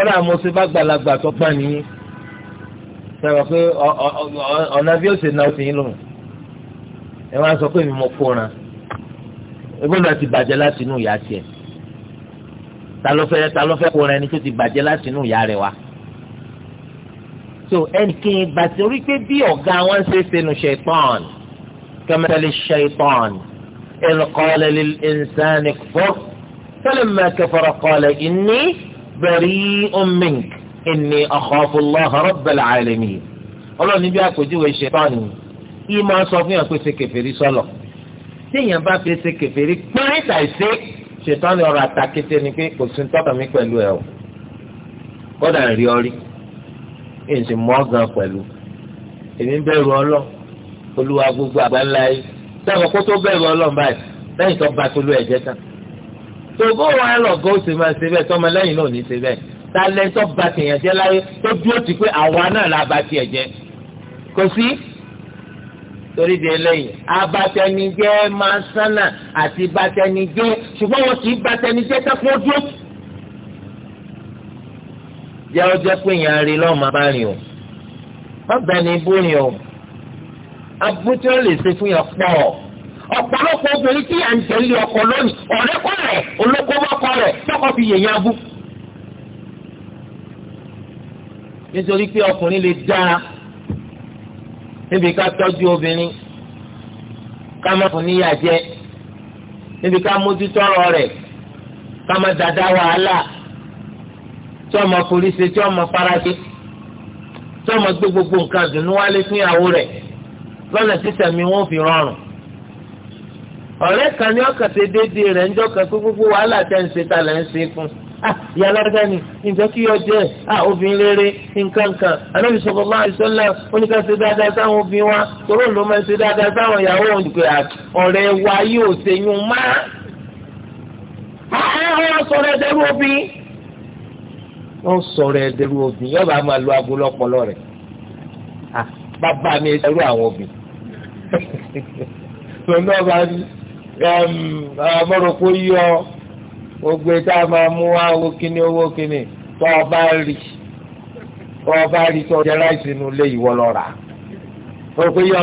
kọ́lá àmọ́sí bá gbàlagbà tó gbà nìyí sọ̀rọ̀ pé ọ̀nà bí ó ṣe náà ti yín lòun ẹ wá sọ pé mi mo kóra ebóni àti bàjẹ́ láti inú ìyá tiẹ̀ ta ló fẹ́ ta ló fẹ́ kóra ẹni tó ti bàjẹ́ láti inú ìyá rẹ̀ wá so ẹnìkan bàtí orí pé bí ọ̀gá wọn ṣe sínú ṣẹ̀tọ́n kẹmẹ́tẹ́lẹ́ ṣẹ̀tọ́n ẹnìkan lẹ́lẹ́ ẹnìkan kọ́ tẹ́lẹ̀ bari'un mink inni akhafu Allah rabbal alamin ọlọ́run níbi àpèjúwe ṣètọ́ni yìí máa sọ fún yàn pé ṣe kẹfẹ́rí sọlọ téèyàn bá fi ṣe kẹfẹ́rí pín ṣàìṣe ṣètọ́ni ọ̀rọ̀ àtàkété ni pé kò sí tọ́kàn mi pẹ̀lú ẹ o kódà rí ọ rí èyí sì mọ́ gan pẹ̀lú èmi bẹ̀rù ọlọ́ olúwa gbogbo àgbáńlá yìí sẹ́wọ̀n tó bó wọn lọgọ ṣe máa ṣe bẹ́ẹ̀ tọmọ lẹ́yìn náà ní ṣe bẹ́ẹ̀ talẹtọ ba tèèyàn jẹ láyé tó dúró ti pé àwa náà la ba tiẹ̀ jẹ kò sí torí di eléyìí abatẹnijẹ máa sánà àti batẹnijẹ ṣùgbọ́n wọn kì í batẹnijẹ káfíń ojú. jẹ́ ọ jẹ́ pé èèyàn rí lọ́ọ́ máa bá rìn o ọ̀bẹ ni bó rìn o abúté ó lè ṣe fún yàn pọ̀ ọ̀pọ̀lọpọ̀ obìnrin tí à ń tẹ̀lé ọkọ lónìí ọ̀rẹ́kọ̀ rẹ̀ olókòwòkọ rẹ̀ tọkọ fi yèyàn bú. nítorí pé ọkùnrin lè dá níbi ká tọ́jú obìnrin ká má fún níyà jẹ níbi ká mójútó ọ̀rọ̀ rẹ̀ ká má dada wàhálà tí ọmọ polisi ṣe tí ọmọ fara ṣe tí ọmọ gbé gbogbo nǹkan dùnú wálé fún ìyàwó rẹ̀ lọ́nà tí sẹ̀mí wọn fi rọrùn ọ̀rẹ́ kan ní ọkàn ṣe déédéé rẹ̀ ńjọ́ kan pé gbogbo wàhálà tẹ́ ń ṣe ta lẹ́ ń ṣe fún ah, yàrá ni ǹjẹ́ kí yọ jẹ́ ah, obìnrin rere nǹkankan anábì sọ̀rọ̀ máa ń sọ́lá oníkà ṣe dáadáa sáwọn obìnrin wa tóró ló máa ń ṣe dáadáa sáwọn ìyàwó òǹdùkọ̀ ah, ọ̀rẹ́ wa yóò ṣe yún má. àwọn sọ̀rọ̀ ẹ̀dẹ́rú obìnrin wọ́n sọ̀rọ̀ ẹ̀dẹ́rú obìnrin yọ̀bá mọ́rọ̀kọ yọ gbogbo tá a máa mú wá owó kíní owó kíní tó o bá rí tó o bá rí tó o jẹ láìsí inú ilé ìwọ lọ rà mọ́rọ̀kọ yọ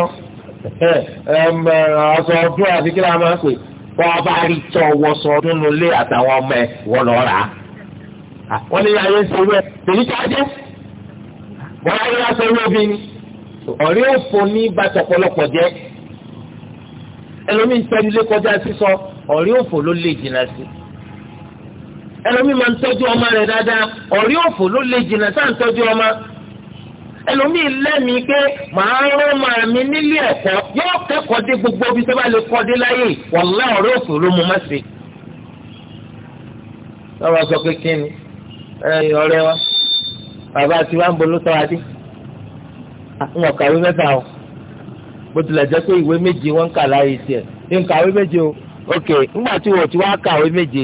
ọ̀sọ̀ ọdún àti kí la máa pè tó o bá rí tó o wọ sọ ọdún inú ilé àtàwọn ọmọ ẹ ìwọ lọ rà wọ́n ní ayé ń sọ̀rọ̀ ẹ̀ tèmi tí a jẹ́ wọ́n á rí aṣọ ìwé obìnrin ọ̀rẹ́ òfò ní bàtà ọ̀pọ̀lọpọ̀ jẹ́. ẹlòmíì ń tẹnu lé kọjá sísọ ọ̀rí òfò ló lè jìnnà sí ẹlòmíì máa ń tọ́jú ọmọ rẹ̀ dáadáa ọ̀rí òfò ló lè jìnnà sáà ń tọ́jú ọmọ ẹlòmíì lẹ́mìí pé màá gbogbo ibi tó bá lè kọ́ dé láyé bó tilẹ̀ jẹ́ pé ìwé méje wọ́n ń kà láyé tiẹ̀ ní kàwé méje o ok ńgbà tí wọ́n ti wá kàwé méje.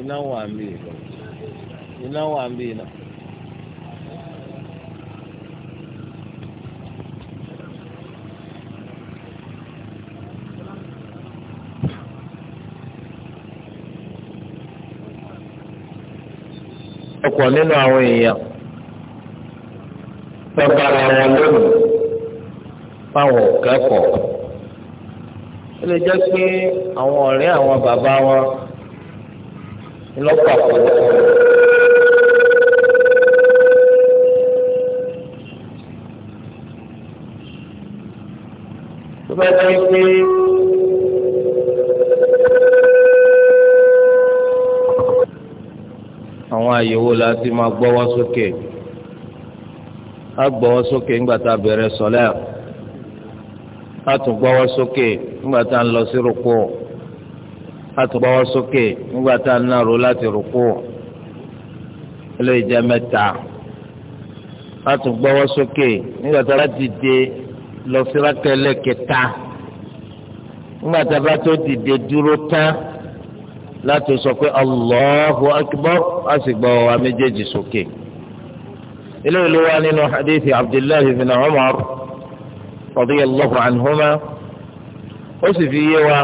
iná wà ń bí iná wà ń bí iná. pọ̀ nínú àwọn èèyàn tọ́gbàrà wọn lónìí fáwọn kẹ́kọ̀ọ́ ó lè jẹ́ pé àwọn ọ̀rẹ́ àwọn bàbá wọn lọ́pọ̀ àpọ̀lọpọ̀. tó bá jẹ́ pé. àwọn àyèwò la ti máa gbọ́wọ́ sókè a gbọ́wọ́ sókè nígbà a bẹ̀rẹ̀ sọ́lẹ̀ a tún gbọ́wọ́ sókè nígbà a ń lọ sí rúkú a tún gbọ́wọ́ sókè nígbà tá a ń nàró láti rúkú eléyìí jẹ́ mẹ́ta a tún gbọ́wọ́ a dìde lọ sí rákẹ́lẹ́ kẹta nígbà tá a bá tó dìde dúró tán. láti sọ pé Allahu akbar a sì gbọ́ wa méjèèjì sókè. ilé ìlú wa nínú hadith abdullahi bin umar radiyallahu anhuma ó sì fi yé wa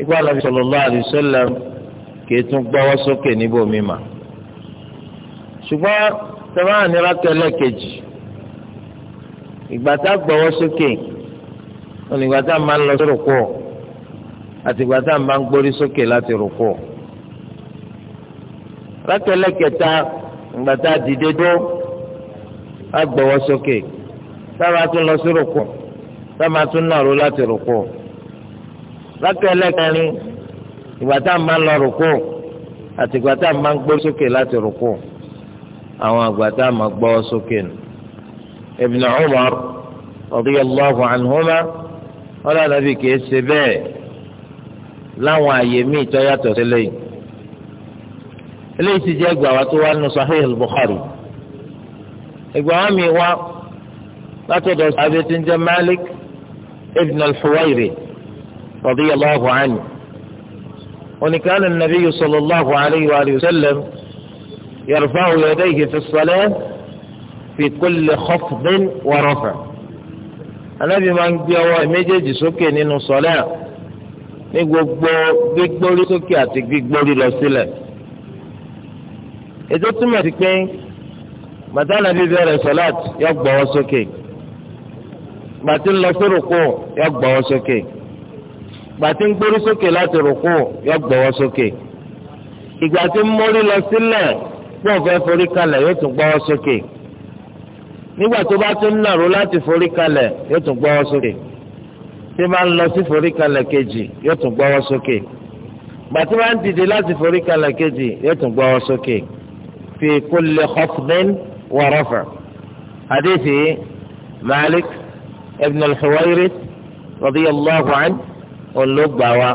ikú Ànábì sallallahu alayhi wa sallam kì í tún gbọ́wọ́ sókè níbòmí mà. ṣùgbọ́n tẹ́wọ́n ànírà kẹlẹ́ kejì ìgbà tá gbọ́wọ́ sókè ònìgbà tá máa ń lọ sórò kú ọ̀. àtìgbà tá à ń bá ń gbórí sókè láti rúkọ. rákẹ́lẹ́kẹta ìgbà tá a dìde dó a gbọ́wọ́ tún lọ sí rúkọ táwa tún nàró láti rúkọ. rákẹ́lẹ́kẹrin ìgbà tá à ń bá ń lọ rúkọ tá à ń bá ń gbórí sókè láti rúkọ. àwọn àgbà láwọn àyè míì tó yàtọ̀ sílẹ̀ yìí eléyìí ti jẹ́ ẹgbàá wa tó wá nù Sahih al-Bukhari ẹgbàá wa mi wá látọ̀dọ̀ sábẹ́ tí ń jẹ́ Malik ibn al-Huwairi radiyallahu anhu oníkanà nàbí sallallahu alayhi wa sallam yarfa'u yadayhi fi as-salah fi kulli khafdin wa raf'in anabi máa ń gbé ọwọ́ méjèèjì sókè nínú sọlẹ́ à. ní gbogbo gbígbórí sókè àti gbígbórí lọ sílẹ̀ ètò túmọ̀ sí pé màtánà bíbẹ̀ rẹ̀ sọ́láàt yọ gbọ́wọ́ sókè gbàtí ń lọ sí rùkú yọ gbọ́wọ́ sókè gbàtí ń gbórí sókè láti rùkú yọ gbọ́wọ́ sókè ìgbà tí ń mórí lọ sílẹ̀ forí kalẹ̀ yóò tún sókè nígbà tó bá tún nàró láti forí kalẹ̀ yóò tí máa ń lọ sí foríkalẹ̀ kejì yóò tún gbọ́wọ́ sókè gbàtí máa ń dìde láti foríkalẹ̀ kejì yóò tún gbọ́wọ́ sókè fi kulli khafdin wa raf' hadithi Malik ibn al-Huwayrith radiyallahu anhu olùgbàwa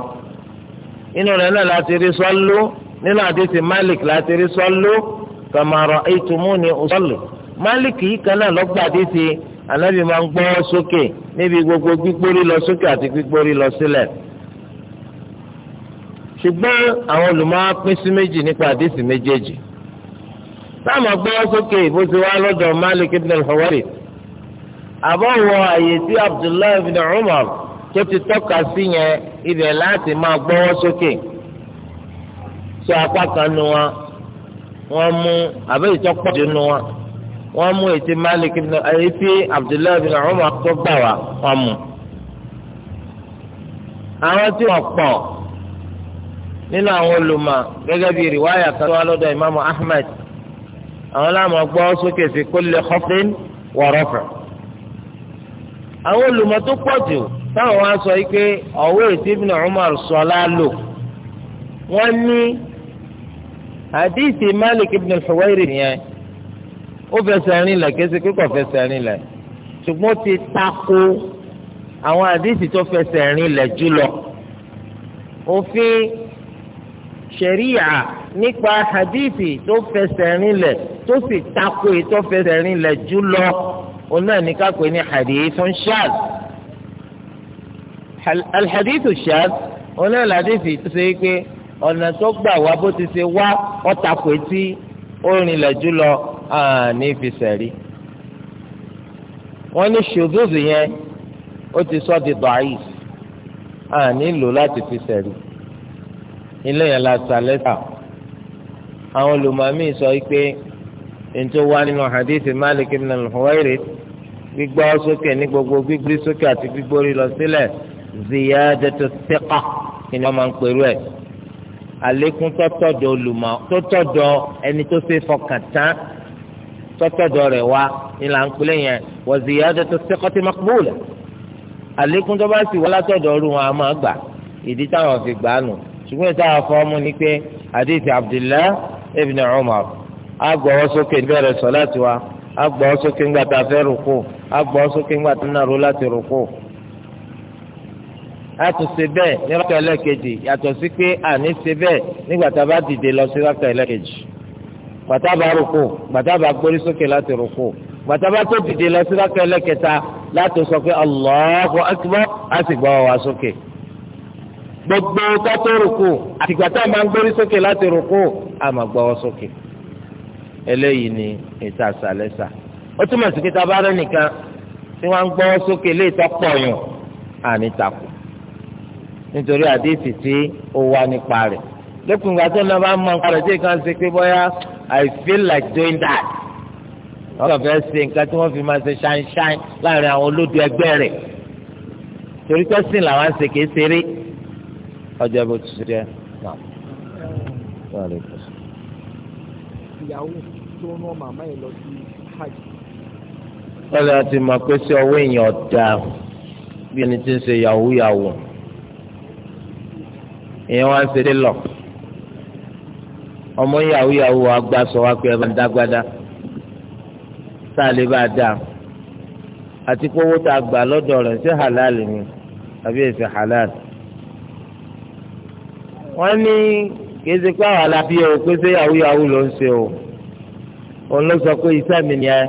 inú rẹ̀ náà láti rí sọ́lú nínú hadithi Malik láti rí sọ́lú kama ra'aytumuni usalli Malik yìí kan náà lọ́gbàdìsí anabi máa ń gbọ́ sókè níbi gbogbo gbígbórí lọ sókè àti gbígbórí lọ sílẹ̀ ṣùgbọ́n àwọn olùmọ̀ pín sí méjì nípa àdéhùn méjèèjì táwọn gbọ́ sókè bó ti wá lọ́dọ̀ Malik ibn al-Hawari àbọ̀wọ̀ àyè tí Abdullahi ibn Umar tó ti tọ́ka sí yẹn ibẹ̀ láti máa gbọ́wọ́ sókè sọ apá kan nu wọn wọn mú àbẹ́yìí tó pọ̀ jù nu wọn wọ́n mú ètí malik ètí abdullahi bin umar tó gbà wá wọ́n mú. àwọn tí wọ́n pọ̀ nínú àwọn olùmọ̀ gẹ́gẹ́ bíi riwaya kan wá lọ́dọ̀ imaamu ahmed àwọn làwọn gbọ́ sókè sí kulli khafdin wa àwọn olùmọ̀ tó pọ̀ jù táwọn wá sọ yìí pé ọ̀wé ètí bin umar sọ lálò wọ́n ní hadithi malik ibn al-huwairi nìyẹn ó fẹsẹ̀ rìn lẹ̀ kése kíkọ̀ fẹsẹ̀ rìn lẹ̀ ṣùgbọ́n ti tako àwọn àdìsí tó fẹsẹ̀ rìn lẹ̀ jùlọ òfin ṣẹ̀ríyà nípa àdìsí tó fẹsẹ̀ rìn lẹ̀ tó sì tako ètò fẹsẹ̀ rìn lẹ̀ jùlọ òun náà ní ká pè ní hadithun shadh alhadithu shadh òun náà làdìsí tó ṣe pé ọ̀nà tó gbà wá bó ti ṣe wá ọ̀tàkùn etí ó rìnlẹ̀ jùlọ àní ah, fi sẹ̀rí wọ́n ní ṣòdòdò yẹn ó ti sọ di bàáyì àní lò láti fi sẹ̀rí ilé yẹn la sa lẹ́tà àwọn olùmọ̀mí sọ pé ètò wa nínú hadithi Malik ibn al-Huwayrith gbígbọ́ sókè ní gbogbo gbígbí sókè àti gbígbórí lọ sílẹ̀ ziyadatu thiqa kí ni wọ́n máa ń pèrú ẹ̀ àlékún tó tọ̀dọ̀ ẹni tó ṣe fọkàn tán tọ́tọ́dọ̀ rẹ̀ wá ìlànà ìpínlẹ̀ yẹn wa ziyadatu thiqati maqbula àlékún tó bá sì wá látọ̀dọ̀ ọ̀rùn wọn a máa gbà ìdí táwọn fi gbà á nù ṣùgbọ́n ìta àwọn fọ́ọ̀mù ni pé àdìsí Abdullah ibn Umar agbọ̀wọ́ sókè níbẹ̀rẹ̀ sọ láti wá agbọ̀wọ́ sókè ńgbà tá a fẹ́ rúkú agbọ̀wọ́ sókè ńgbà tó nàró láti rúkú. a tún ṣe bẹ́ẹ̀ ní rákà ẹlẹ́kejì yàtọ̀ sí pé àní gbàtà bá rúkú gbàtà bá gbórí sókè láti rúkú gbàtà bá tó dìde lọ sí rákà ẹlẹ́kẹta láti sọ pé Allahu akbar á sì wa sókè gbogbo kátó rúkú àtìgbà tá a máa ń gbórí sókè láti rúkú a máa gbọ́ wa sókè eléyìí ni ètò àṣàlẹ́sà ó túmọ̀ sí pé tá a bá rẹ́ nìkan tí wọ́n ń gbọ́ sókè lè tọ́pọ̀ yàn àní takò nítorí àdéhìtì tí ó wà nípa rẹ̀ lẹ́kùn ìgbà tó náà bá ń mọ nǹkan rẹ̀ tí èèkàn ṣe pé bọ́yá I feel like doing that wọ́n kàn fẹ́ ṣe nǹkan tí wọ́n fi máa ṣe ṣáínṣáín láàrin àwọn olódò ẹgbẹ́ rẹ̀ torí pé sìn làwọn ń ṣe kìí ṣeré ọjọ́ bó ti ṣe jẹ́ náà. ìyàwó tó rán màmá ẹ̀ lọ sí hajj. wọ́n lè ti mọ̀ pé sí ọwọ́ èèyàn ọ̀dà bí ẹni tí ń ṣe yahoo yahoo èèyàn wá ń ṣe dé lọ ọmọ yahoo yahoo agbá sọ wá pé ẹ bá ń dágbádá tá a lè bá a dá àti pé owó tá a gbà lọ́dọ̀ rẹ̀ ṣé halal ni àbí èsì halal. wọ́n ní kì í ṣe pé àwọn alábí o pé ṣé yahoo yahoo ló ń ṣe o òun ló sọ pé iṣẹ́ mi nìyẹn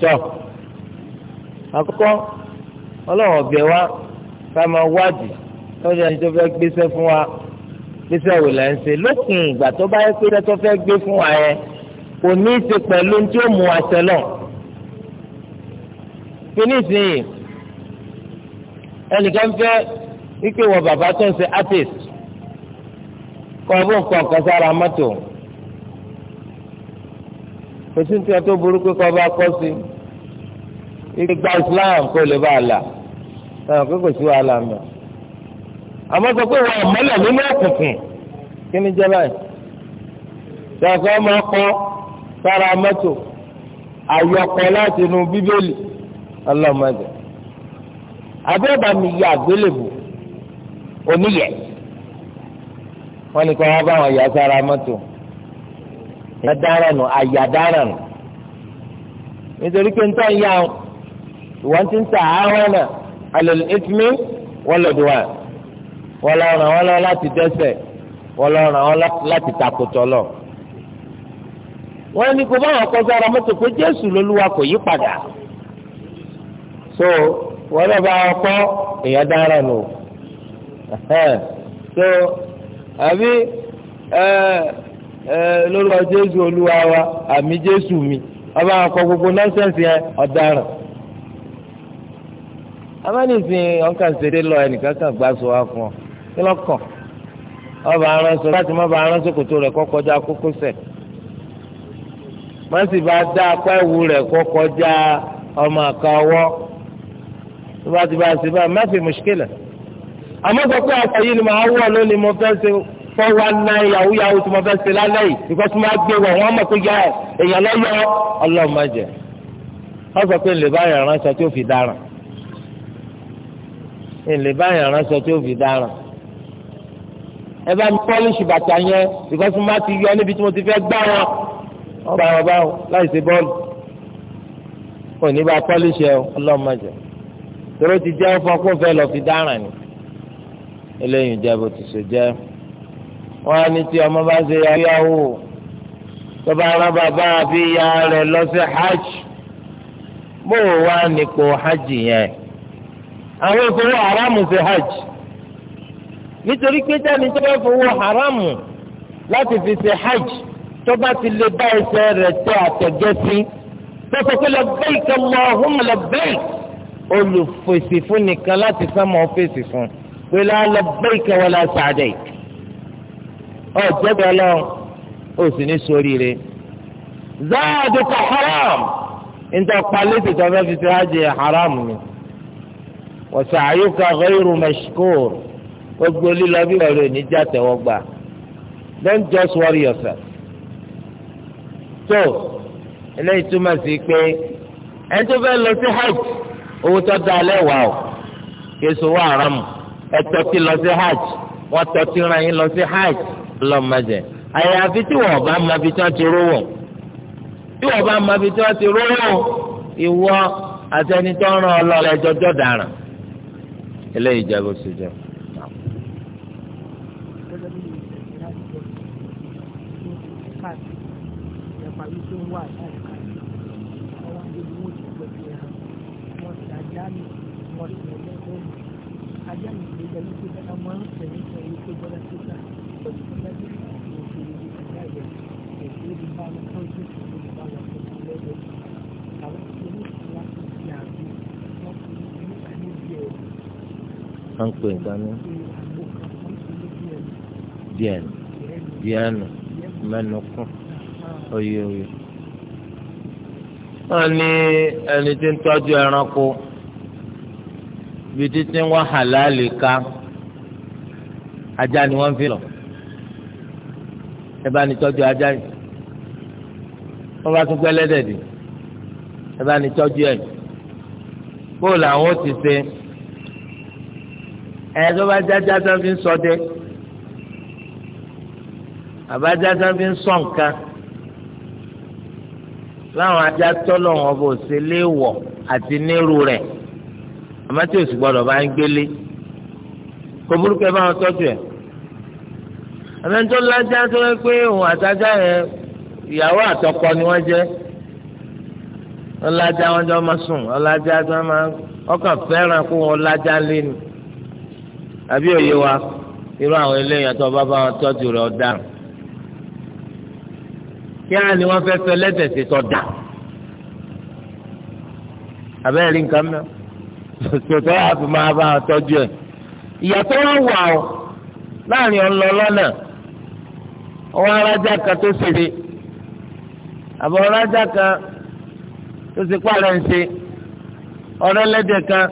tọ́ àkọ́kọ́ ọlọ́run ọ̀bẹ wa ká máa wádìí lọ́dọ̀ ẹni tó fẹ́ gbéṣẹ́ fún wa níṣẹ́ wò lẹ́ ń ṣe lókun ìgbà tó bá yẹ pé tẹ́tọ́ fẹ́ gbé fún wa yẹn kò ní í ṣe pẹ̀lú tí ó mú wa ṣẹ lọ. kíní ìsinyìí ẹnìkan fẹ́ wípé wọ bàbá tó ń ṣe artist kọ́ ọ bó ń kọ́ ọ̀kan sára mọ́tò kò sí ní tó burú pé kọ́ ọ bá kọ́ sí i. ìgbà Islam kò lè bá a là ẹ̀ kò kò sí wàhálà mọ́ àmọ́ sọ pé wọ́n mọ́lẹ̀ nínú òkùnkùn kí ni jẹ́ báyìí. sọ̀kọ́ máa kọ́ sára mọ́tò àyọkọ láti inú bíbélì ọlọ́mọdé. abẹ́bà mi yà àgbélébù oníyẹ̀ wọ́n ní kí wọ́n bá wọn yà sára mọ́tò. ìyá dára nù àyà dára nù nítorí pé nítorí yà wọ́n ti ń ta àwọn náà alẹ́ ìtumí wọ́n lọ́dún wa. wọlọ lọ ràn wọ́n lọ láti dẹ́ṣẹ̀ wọ́n lọ láti lọ. wọ́n ní kó sára mọ́tò pé jésù lolúwa kò yí padà. so wọ́n lọ bá wọn kọ́ èèyàn dára nù. so àbí lórúkọ jésù olúwa wa àmì jésù mi ọba gbogbo nọ́ọ̀sẹ̀nsì yẹn ọ̀daràn amánìsìn ọ̀nkà lọ ẹnìkan kan gbà sọ wá fún ọ kí lọ́kọ̀ ọba aránṣọ láti má ba aránṣọ kòtò rẹ̀ kọ́ kọjá kókósẹ̀ má sì bá dá apá ìwú rẹ̀ kọ́ kọjá ọmọ àka ọwọ́ tó bá ti bá ṣe báyìí má fi mùṣkílà àmọ́ sọ pé àṣà yìí ni màá wọ̀ lónìí mo fẹ́ ṣe four one nine yahoo yahoo tí mo fẹ́ ṣe lálẹ́ yìí because mo á gbé wọ̀ wọ́n mọ̀ pé yá èèyàn lọ́yọ́ ọlọ́run má jẹ́ wọ́n sọ pé lè báyìí aránṣọ tí ó fi dáràn lè báyìí aránṣọ tí ó fi dáràn ẹ bá mi pọ́líṣì bàtà yẹn bìkọ́sí má ti yọ níbi tí mo ti fẹ́ gbá wọn ọba ọba o láì ṣe bọ́ọ̀lù kò ní bá pọ́líṣì ẹ ọlọ́mọdé tóró ti jẹ́ fún ọkọ̀ fẹ́ lọ fi dáràn ni eléyìí jẹ́ bó ti ṣe jẹ́ wọ́n á ní tí ọmọ bá ṣe yáyáwó tó bá rán bàbá àbí ìyá rẹ̀ lọ sí hajj bó o wá nípò hajj yẹn àwọn ìfowó aráàmù ṣe hajj nítorí pé jáde tó bá fowó haramu láti fi ṣe hajj tó bá ti lè bá ẹsẹ̀ rẹ̀ tẹ àtẹ̀gẹ́sí tó sọ pé labbaik Allahumma labbaik olùfèsì fún nìkan láti sánmọ́ fèsì fún pé la labbaik wala sa'daik ọ̀jẹ̀bẹ̀ ọlọ́run ó sì ní sóríire záàdùkà haram níta palẹ́tì tó fẹ́ fi ṣe hajj haram ni wa sa'yuka ghayru mashkur gbogbo lílọ bí wọ́n rè ní jàtẹ̀wọ́ gbà don't just worry yourself. so eléyìí túmọ̀ sí pé ẹni tó fẹ́ lọ sí hajj owó tó da alẹ́ wà o késo wà aramu ẹtọ́ ti lọ sí hajj wọ́n tọ́ ti ràn yín lọ sí hajj lọ́mọdé àyàfi tí wọ́n bá ma fi tí wọ́n ti rówó tí wọ́n bá ma fi tí wọ́n ti rówó ìwọ àtẹnitọ́ ràn ọ lọ́ọ́ lẹ́jọ́ jọ́ dàrán eléyìí jẹ́ bó ṣe jẹ́. ń pè nǹkan ní díẹ̀ nù díẹ̀ nù mẹ́nu kún oyè oyè. wọ́n ní ẹni tí ń tọ́jú ẹranko bíi títí wọ́n hàlálì ká ajá ni wọ́n fi lọ ẹ bá ní tọ́jú ajá yìí wọ́n bá tún gbẹ́lẹ́dẹ̀ dì ẹ bá ní tọ́jú ẹ̀ bóòlù àwọn ó ti ṣe ẹ̀ tó bá jájá tó fi ń ṣọdẹ àbájá tó fi ń sọ nǹkan láwọn ajá tọ́lọ̀ wọn bò ṣe léèwọ̀ àti nírú rẹ̀ àmọ́ tí òsì gbọ́dọ̀ bá ń gbélé kò burúkú ẹ bá wọn tọ́jú ẹ̀ àmọ́ tó lájá tó yẹ pé òun àtajá yẹn ìyàwó àtọkọ ni wọ́n jẹ́ ọlájá wọn jọ máa sùn ọlájá tó máa ọkàn fẹ́ràn kó wọn lájá lé ni àbí òye wa irú àwọn eléyàn tó bá bá wọn tọ́jú rẹ̀ ọ̀daràn kí á ní wọ́n fẹ́ fẹ́ lẹ́tẹ̀sí tọ́da àbẹ́rẹ́ rí nǹkan mọ́ tòtò yà fi máa bá wọn tọ́jú ẹ̀ ìyàtọ̀ wọn wà ó láàrin ọlọ́lọ́nà ọwọ́ arájà kan tó ṣeré àbọ̀ arájà kan tó ṣe pààrọ̀ ń ṣe ọ̀rẹ́lẹ́dẹ̀ kan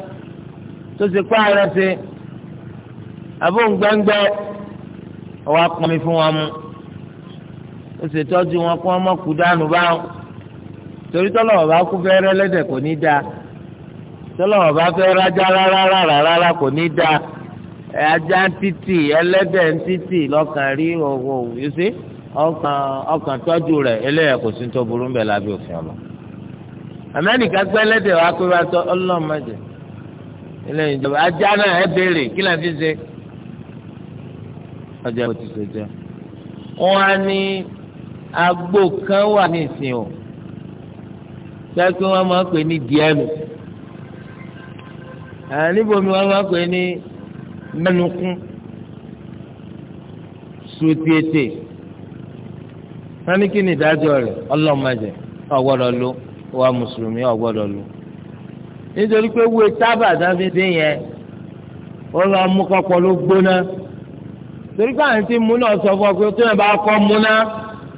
tó ṣe pààrọ̀ ń ṣe abóńgbẹ́ngbẹ́ ọwọ́ apọnmi fún wọn mu ó sì tọ́jú wọn kó wọn mọ̀ kú dànù báwọn torí tọ́lọ́wọ́ bá kú fẹ́ rẹ́lẹ́dẹ̀ kò ní dáa tọ́lọ́wọ́ bá fẹ́ rájá rárá rárá rárá kò ní dáa ajá ń títì ẹlẹ́dẹ̀ ń títì lọ́kàn rí ọ̀wọ̀ yìí sí ọkàn ọkàn tọ́jú rẹ̀ eléyà kò sí tó burú bẹ̀ lábẹ́ òfin ọ̀lọ́ amẹ́ríkà gbẹ́ ẹlẹ́dẹ̀ wá pé wá tọ́ ọlọ́mọdé eléyìí ìjọba ajá náà ẹ ọjà bó ti ṣe jẹ. wọ́n á ní agbo kan wà ní ìsìn o sẹ́kí wọ́n máa ń pè ní díẹ̀nù níbomi wọ́n máa pè ní mẹ́nukún sùtìẹ̀tì wọ́n ní kí ni ìdájọ́ rẹ̀ ọlọ́mọdé ọ̀gbọ́dọ̀ ló wa mùsùlùmí ọ̀gbọ́dọ̀ ló nítorí pé wo tábà dábìdì yẹn ó lọ mú kọ́kọ́ ló gbóná torí pé àwọn tí mú náà sọ fún ọ pé tó yẹn bá kọ́ mú náà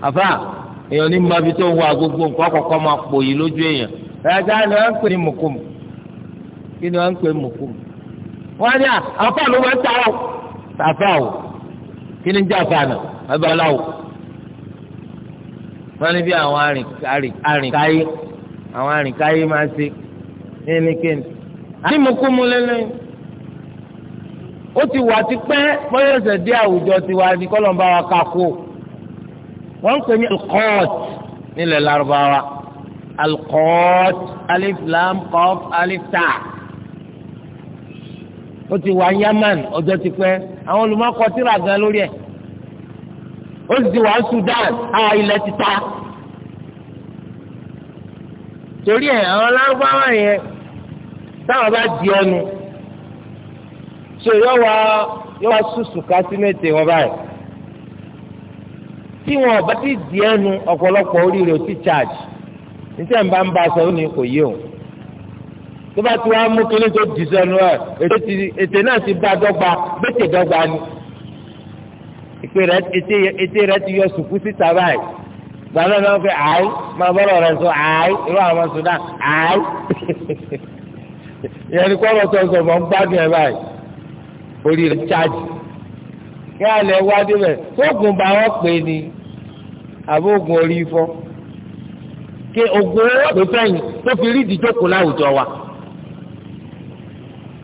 àfà èèyàn ní mọbi tó wà gbogbo nǹkan kọ̀ọ̀kan máa pò yìí lójú èèyàn ẹ̀ka ni wọ́n ń pè ní mùkùm kí ni wọ́n ń pè mùkùm wọ́n ní àfà ló máa ń ta ọ́ àfà o kí ni ń jẹ́ àfà náà abaláwo wọ́n ní bí àwọn arìnkáyé àwọn arìnkáyé máa ń ṣe ní ẹnikẹ́ni àti mùkùm lẹ́lẹ́yìn ó ti wà tipẹ́ bóyá ẹsẹ̀ dé àwùjọ tiwa ni kọ́lọ́mbà wa ká kó wọ́n ń pè ní alqot nílẹ̀ Lárúbáwá alqot alif lam qaf alif ta ó ti wà Yaman ọjọ́ tipẹ́ àwọn olùmọ̀kọ tíra gan lórí ẹ̀ ó sì ti wà Sudan àwọn ilẹ̀ ti ta torí ẹ̀ àwọn Lárúbáwá yẹn táwọn bá di ọnu so yọ wá yọ wá sùsù ká sí mẹ́tẹ̀ wọn báyìí tí wọn ọba ti di ẹnu ọ̀pọ̀lọpọ̀ orí rẹ̀ ti charge níta ń bá ń bá a sọ ó ní kò yé o tó bá ti wá mú kíní tó di sẹ́nu ẹ̀ ètè náà ti bá dọ́gba bẹ́tẹ̀ dọ́gba ni ètè rẹ̀ ti yọ sùkú síta báyìí gbàdá náà fẹ́ àì máa bọ́rọ̀ rẹ̀ sọ àì irú àwọn Sudan àì ìyẹn ni kọ́ ọ̀rọ̀ sọ̀rọ̀ mọ́ ń gbádùn ẹ̀ báyìí. orí rẹ̀ chájì kí alẹ́ wá débẹ̀ sóògùn bá wọ́n pè ní àbóògùn orí ifọ́ kí oògùn owó tó fẹ́yìn tó fi rí ìdíjókòó láwùjọ wa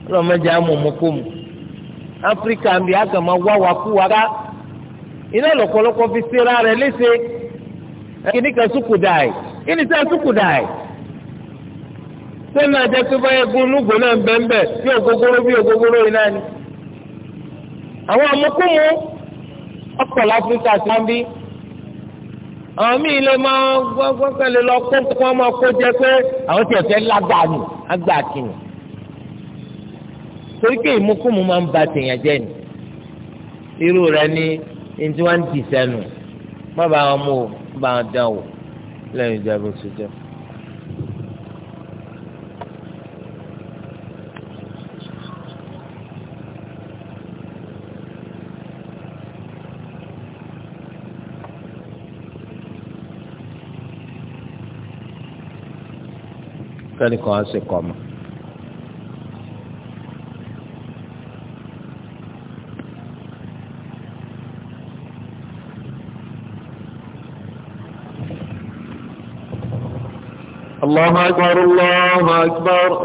ọlọ́mọdé amòmokòmù áfíríkà ń bí àgàmà wá wa kú wa ká iná lọ́pọ̀lọpọ̀ fi ṣe ra rẹ̀ léṣe kíní kan kíní sẹ́ sẹ́nu àjẹsí náà bẹ́ẹ̀ bẹ́ẹ̀ bí ògógóró bí ògógóró yìí náà ni. àwọn amukumu ọ̀pọ̀ láfíríkà sí wọn bí àwọn míì lè máa gbọ́gbọ́gbọ́ lè lọ kó kó ọmọ kó jẹ pé àwọn tiẹ̀ fẹ́ lágbàá nù àgbà kìnnì torí pé ìmukumu máa ń ba tèèyàn jẹ́ ni irú rẹ̀ ni ní tí sẹ́nu má bàa mú bàa dán o lẹ́yìn ìjọba oṣù jẹ́. tẹ́nìkan á sì kọ́ الله أكبر الله أكبر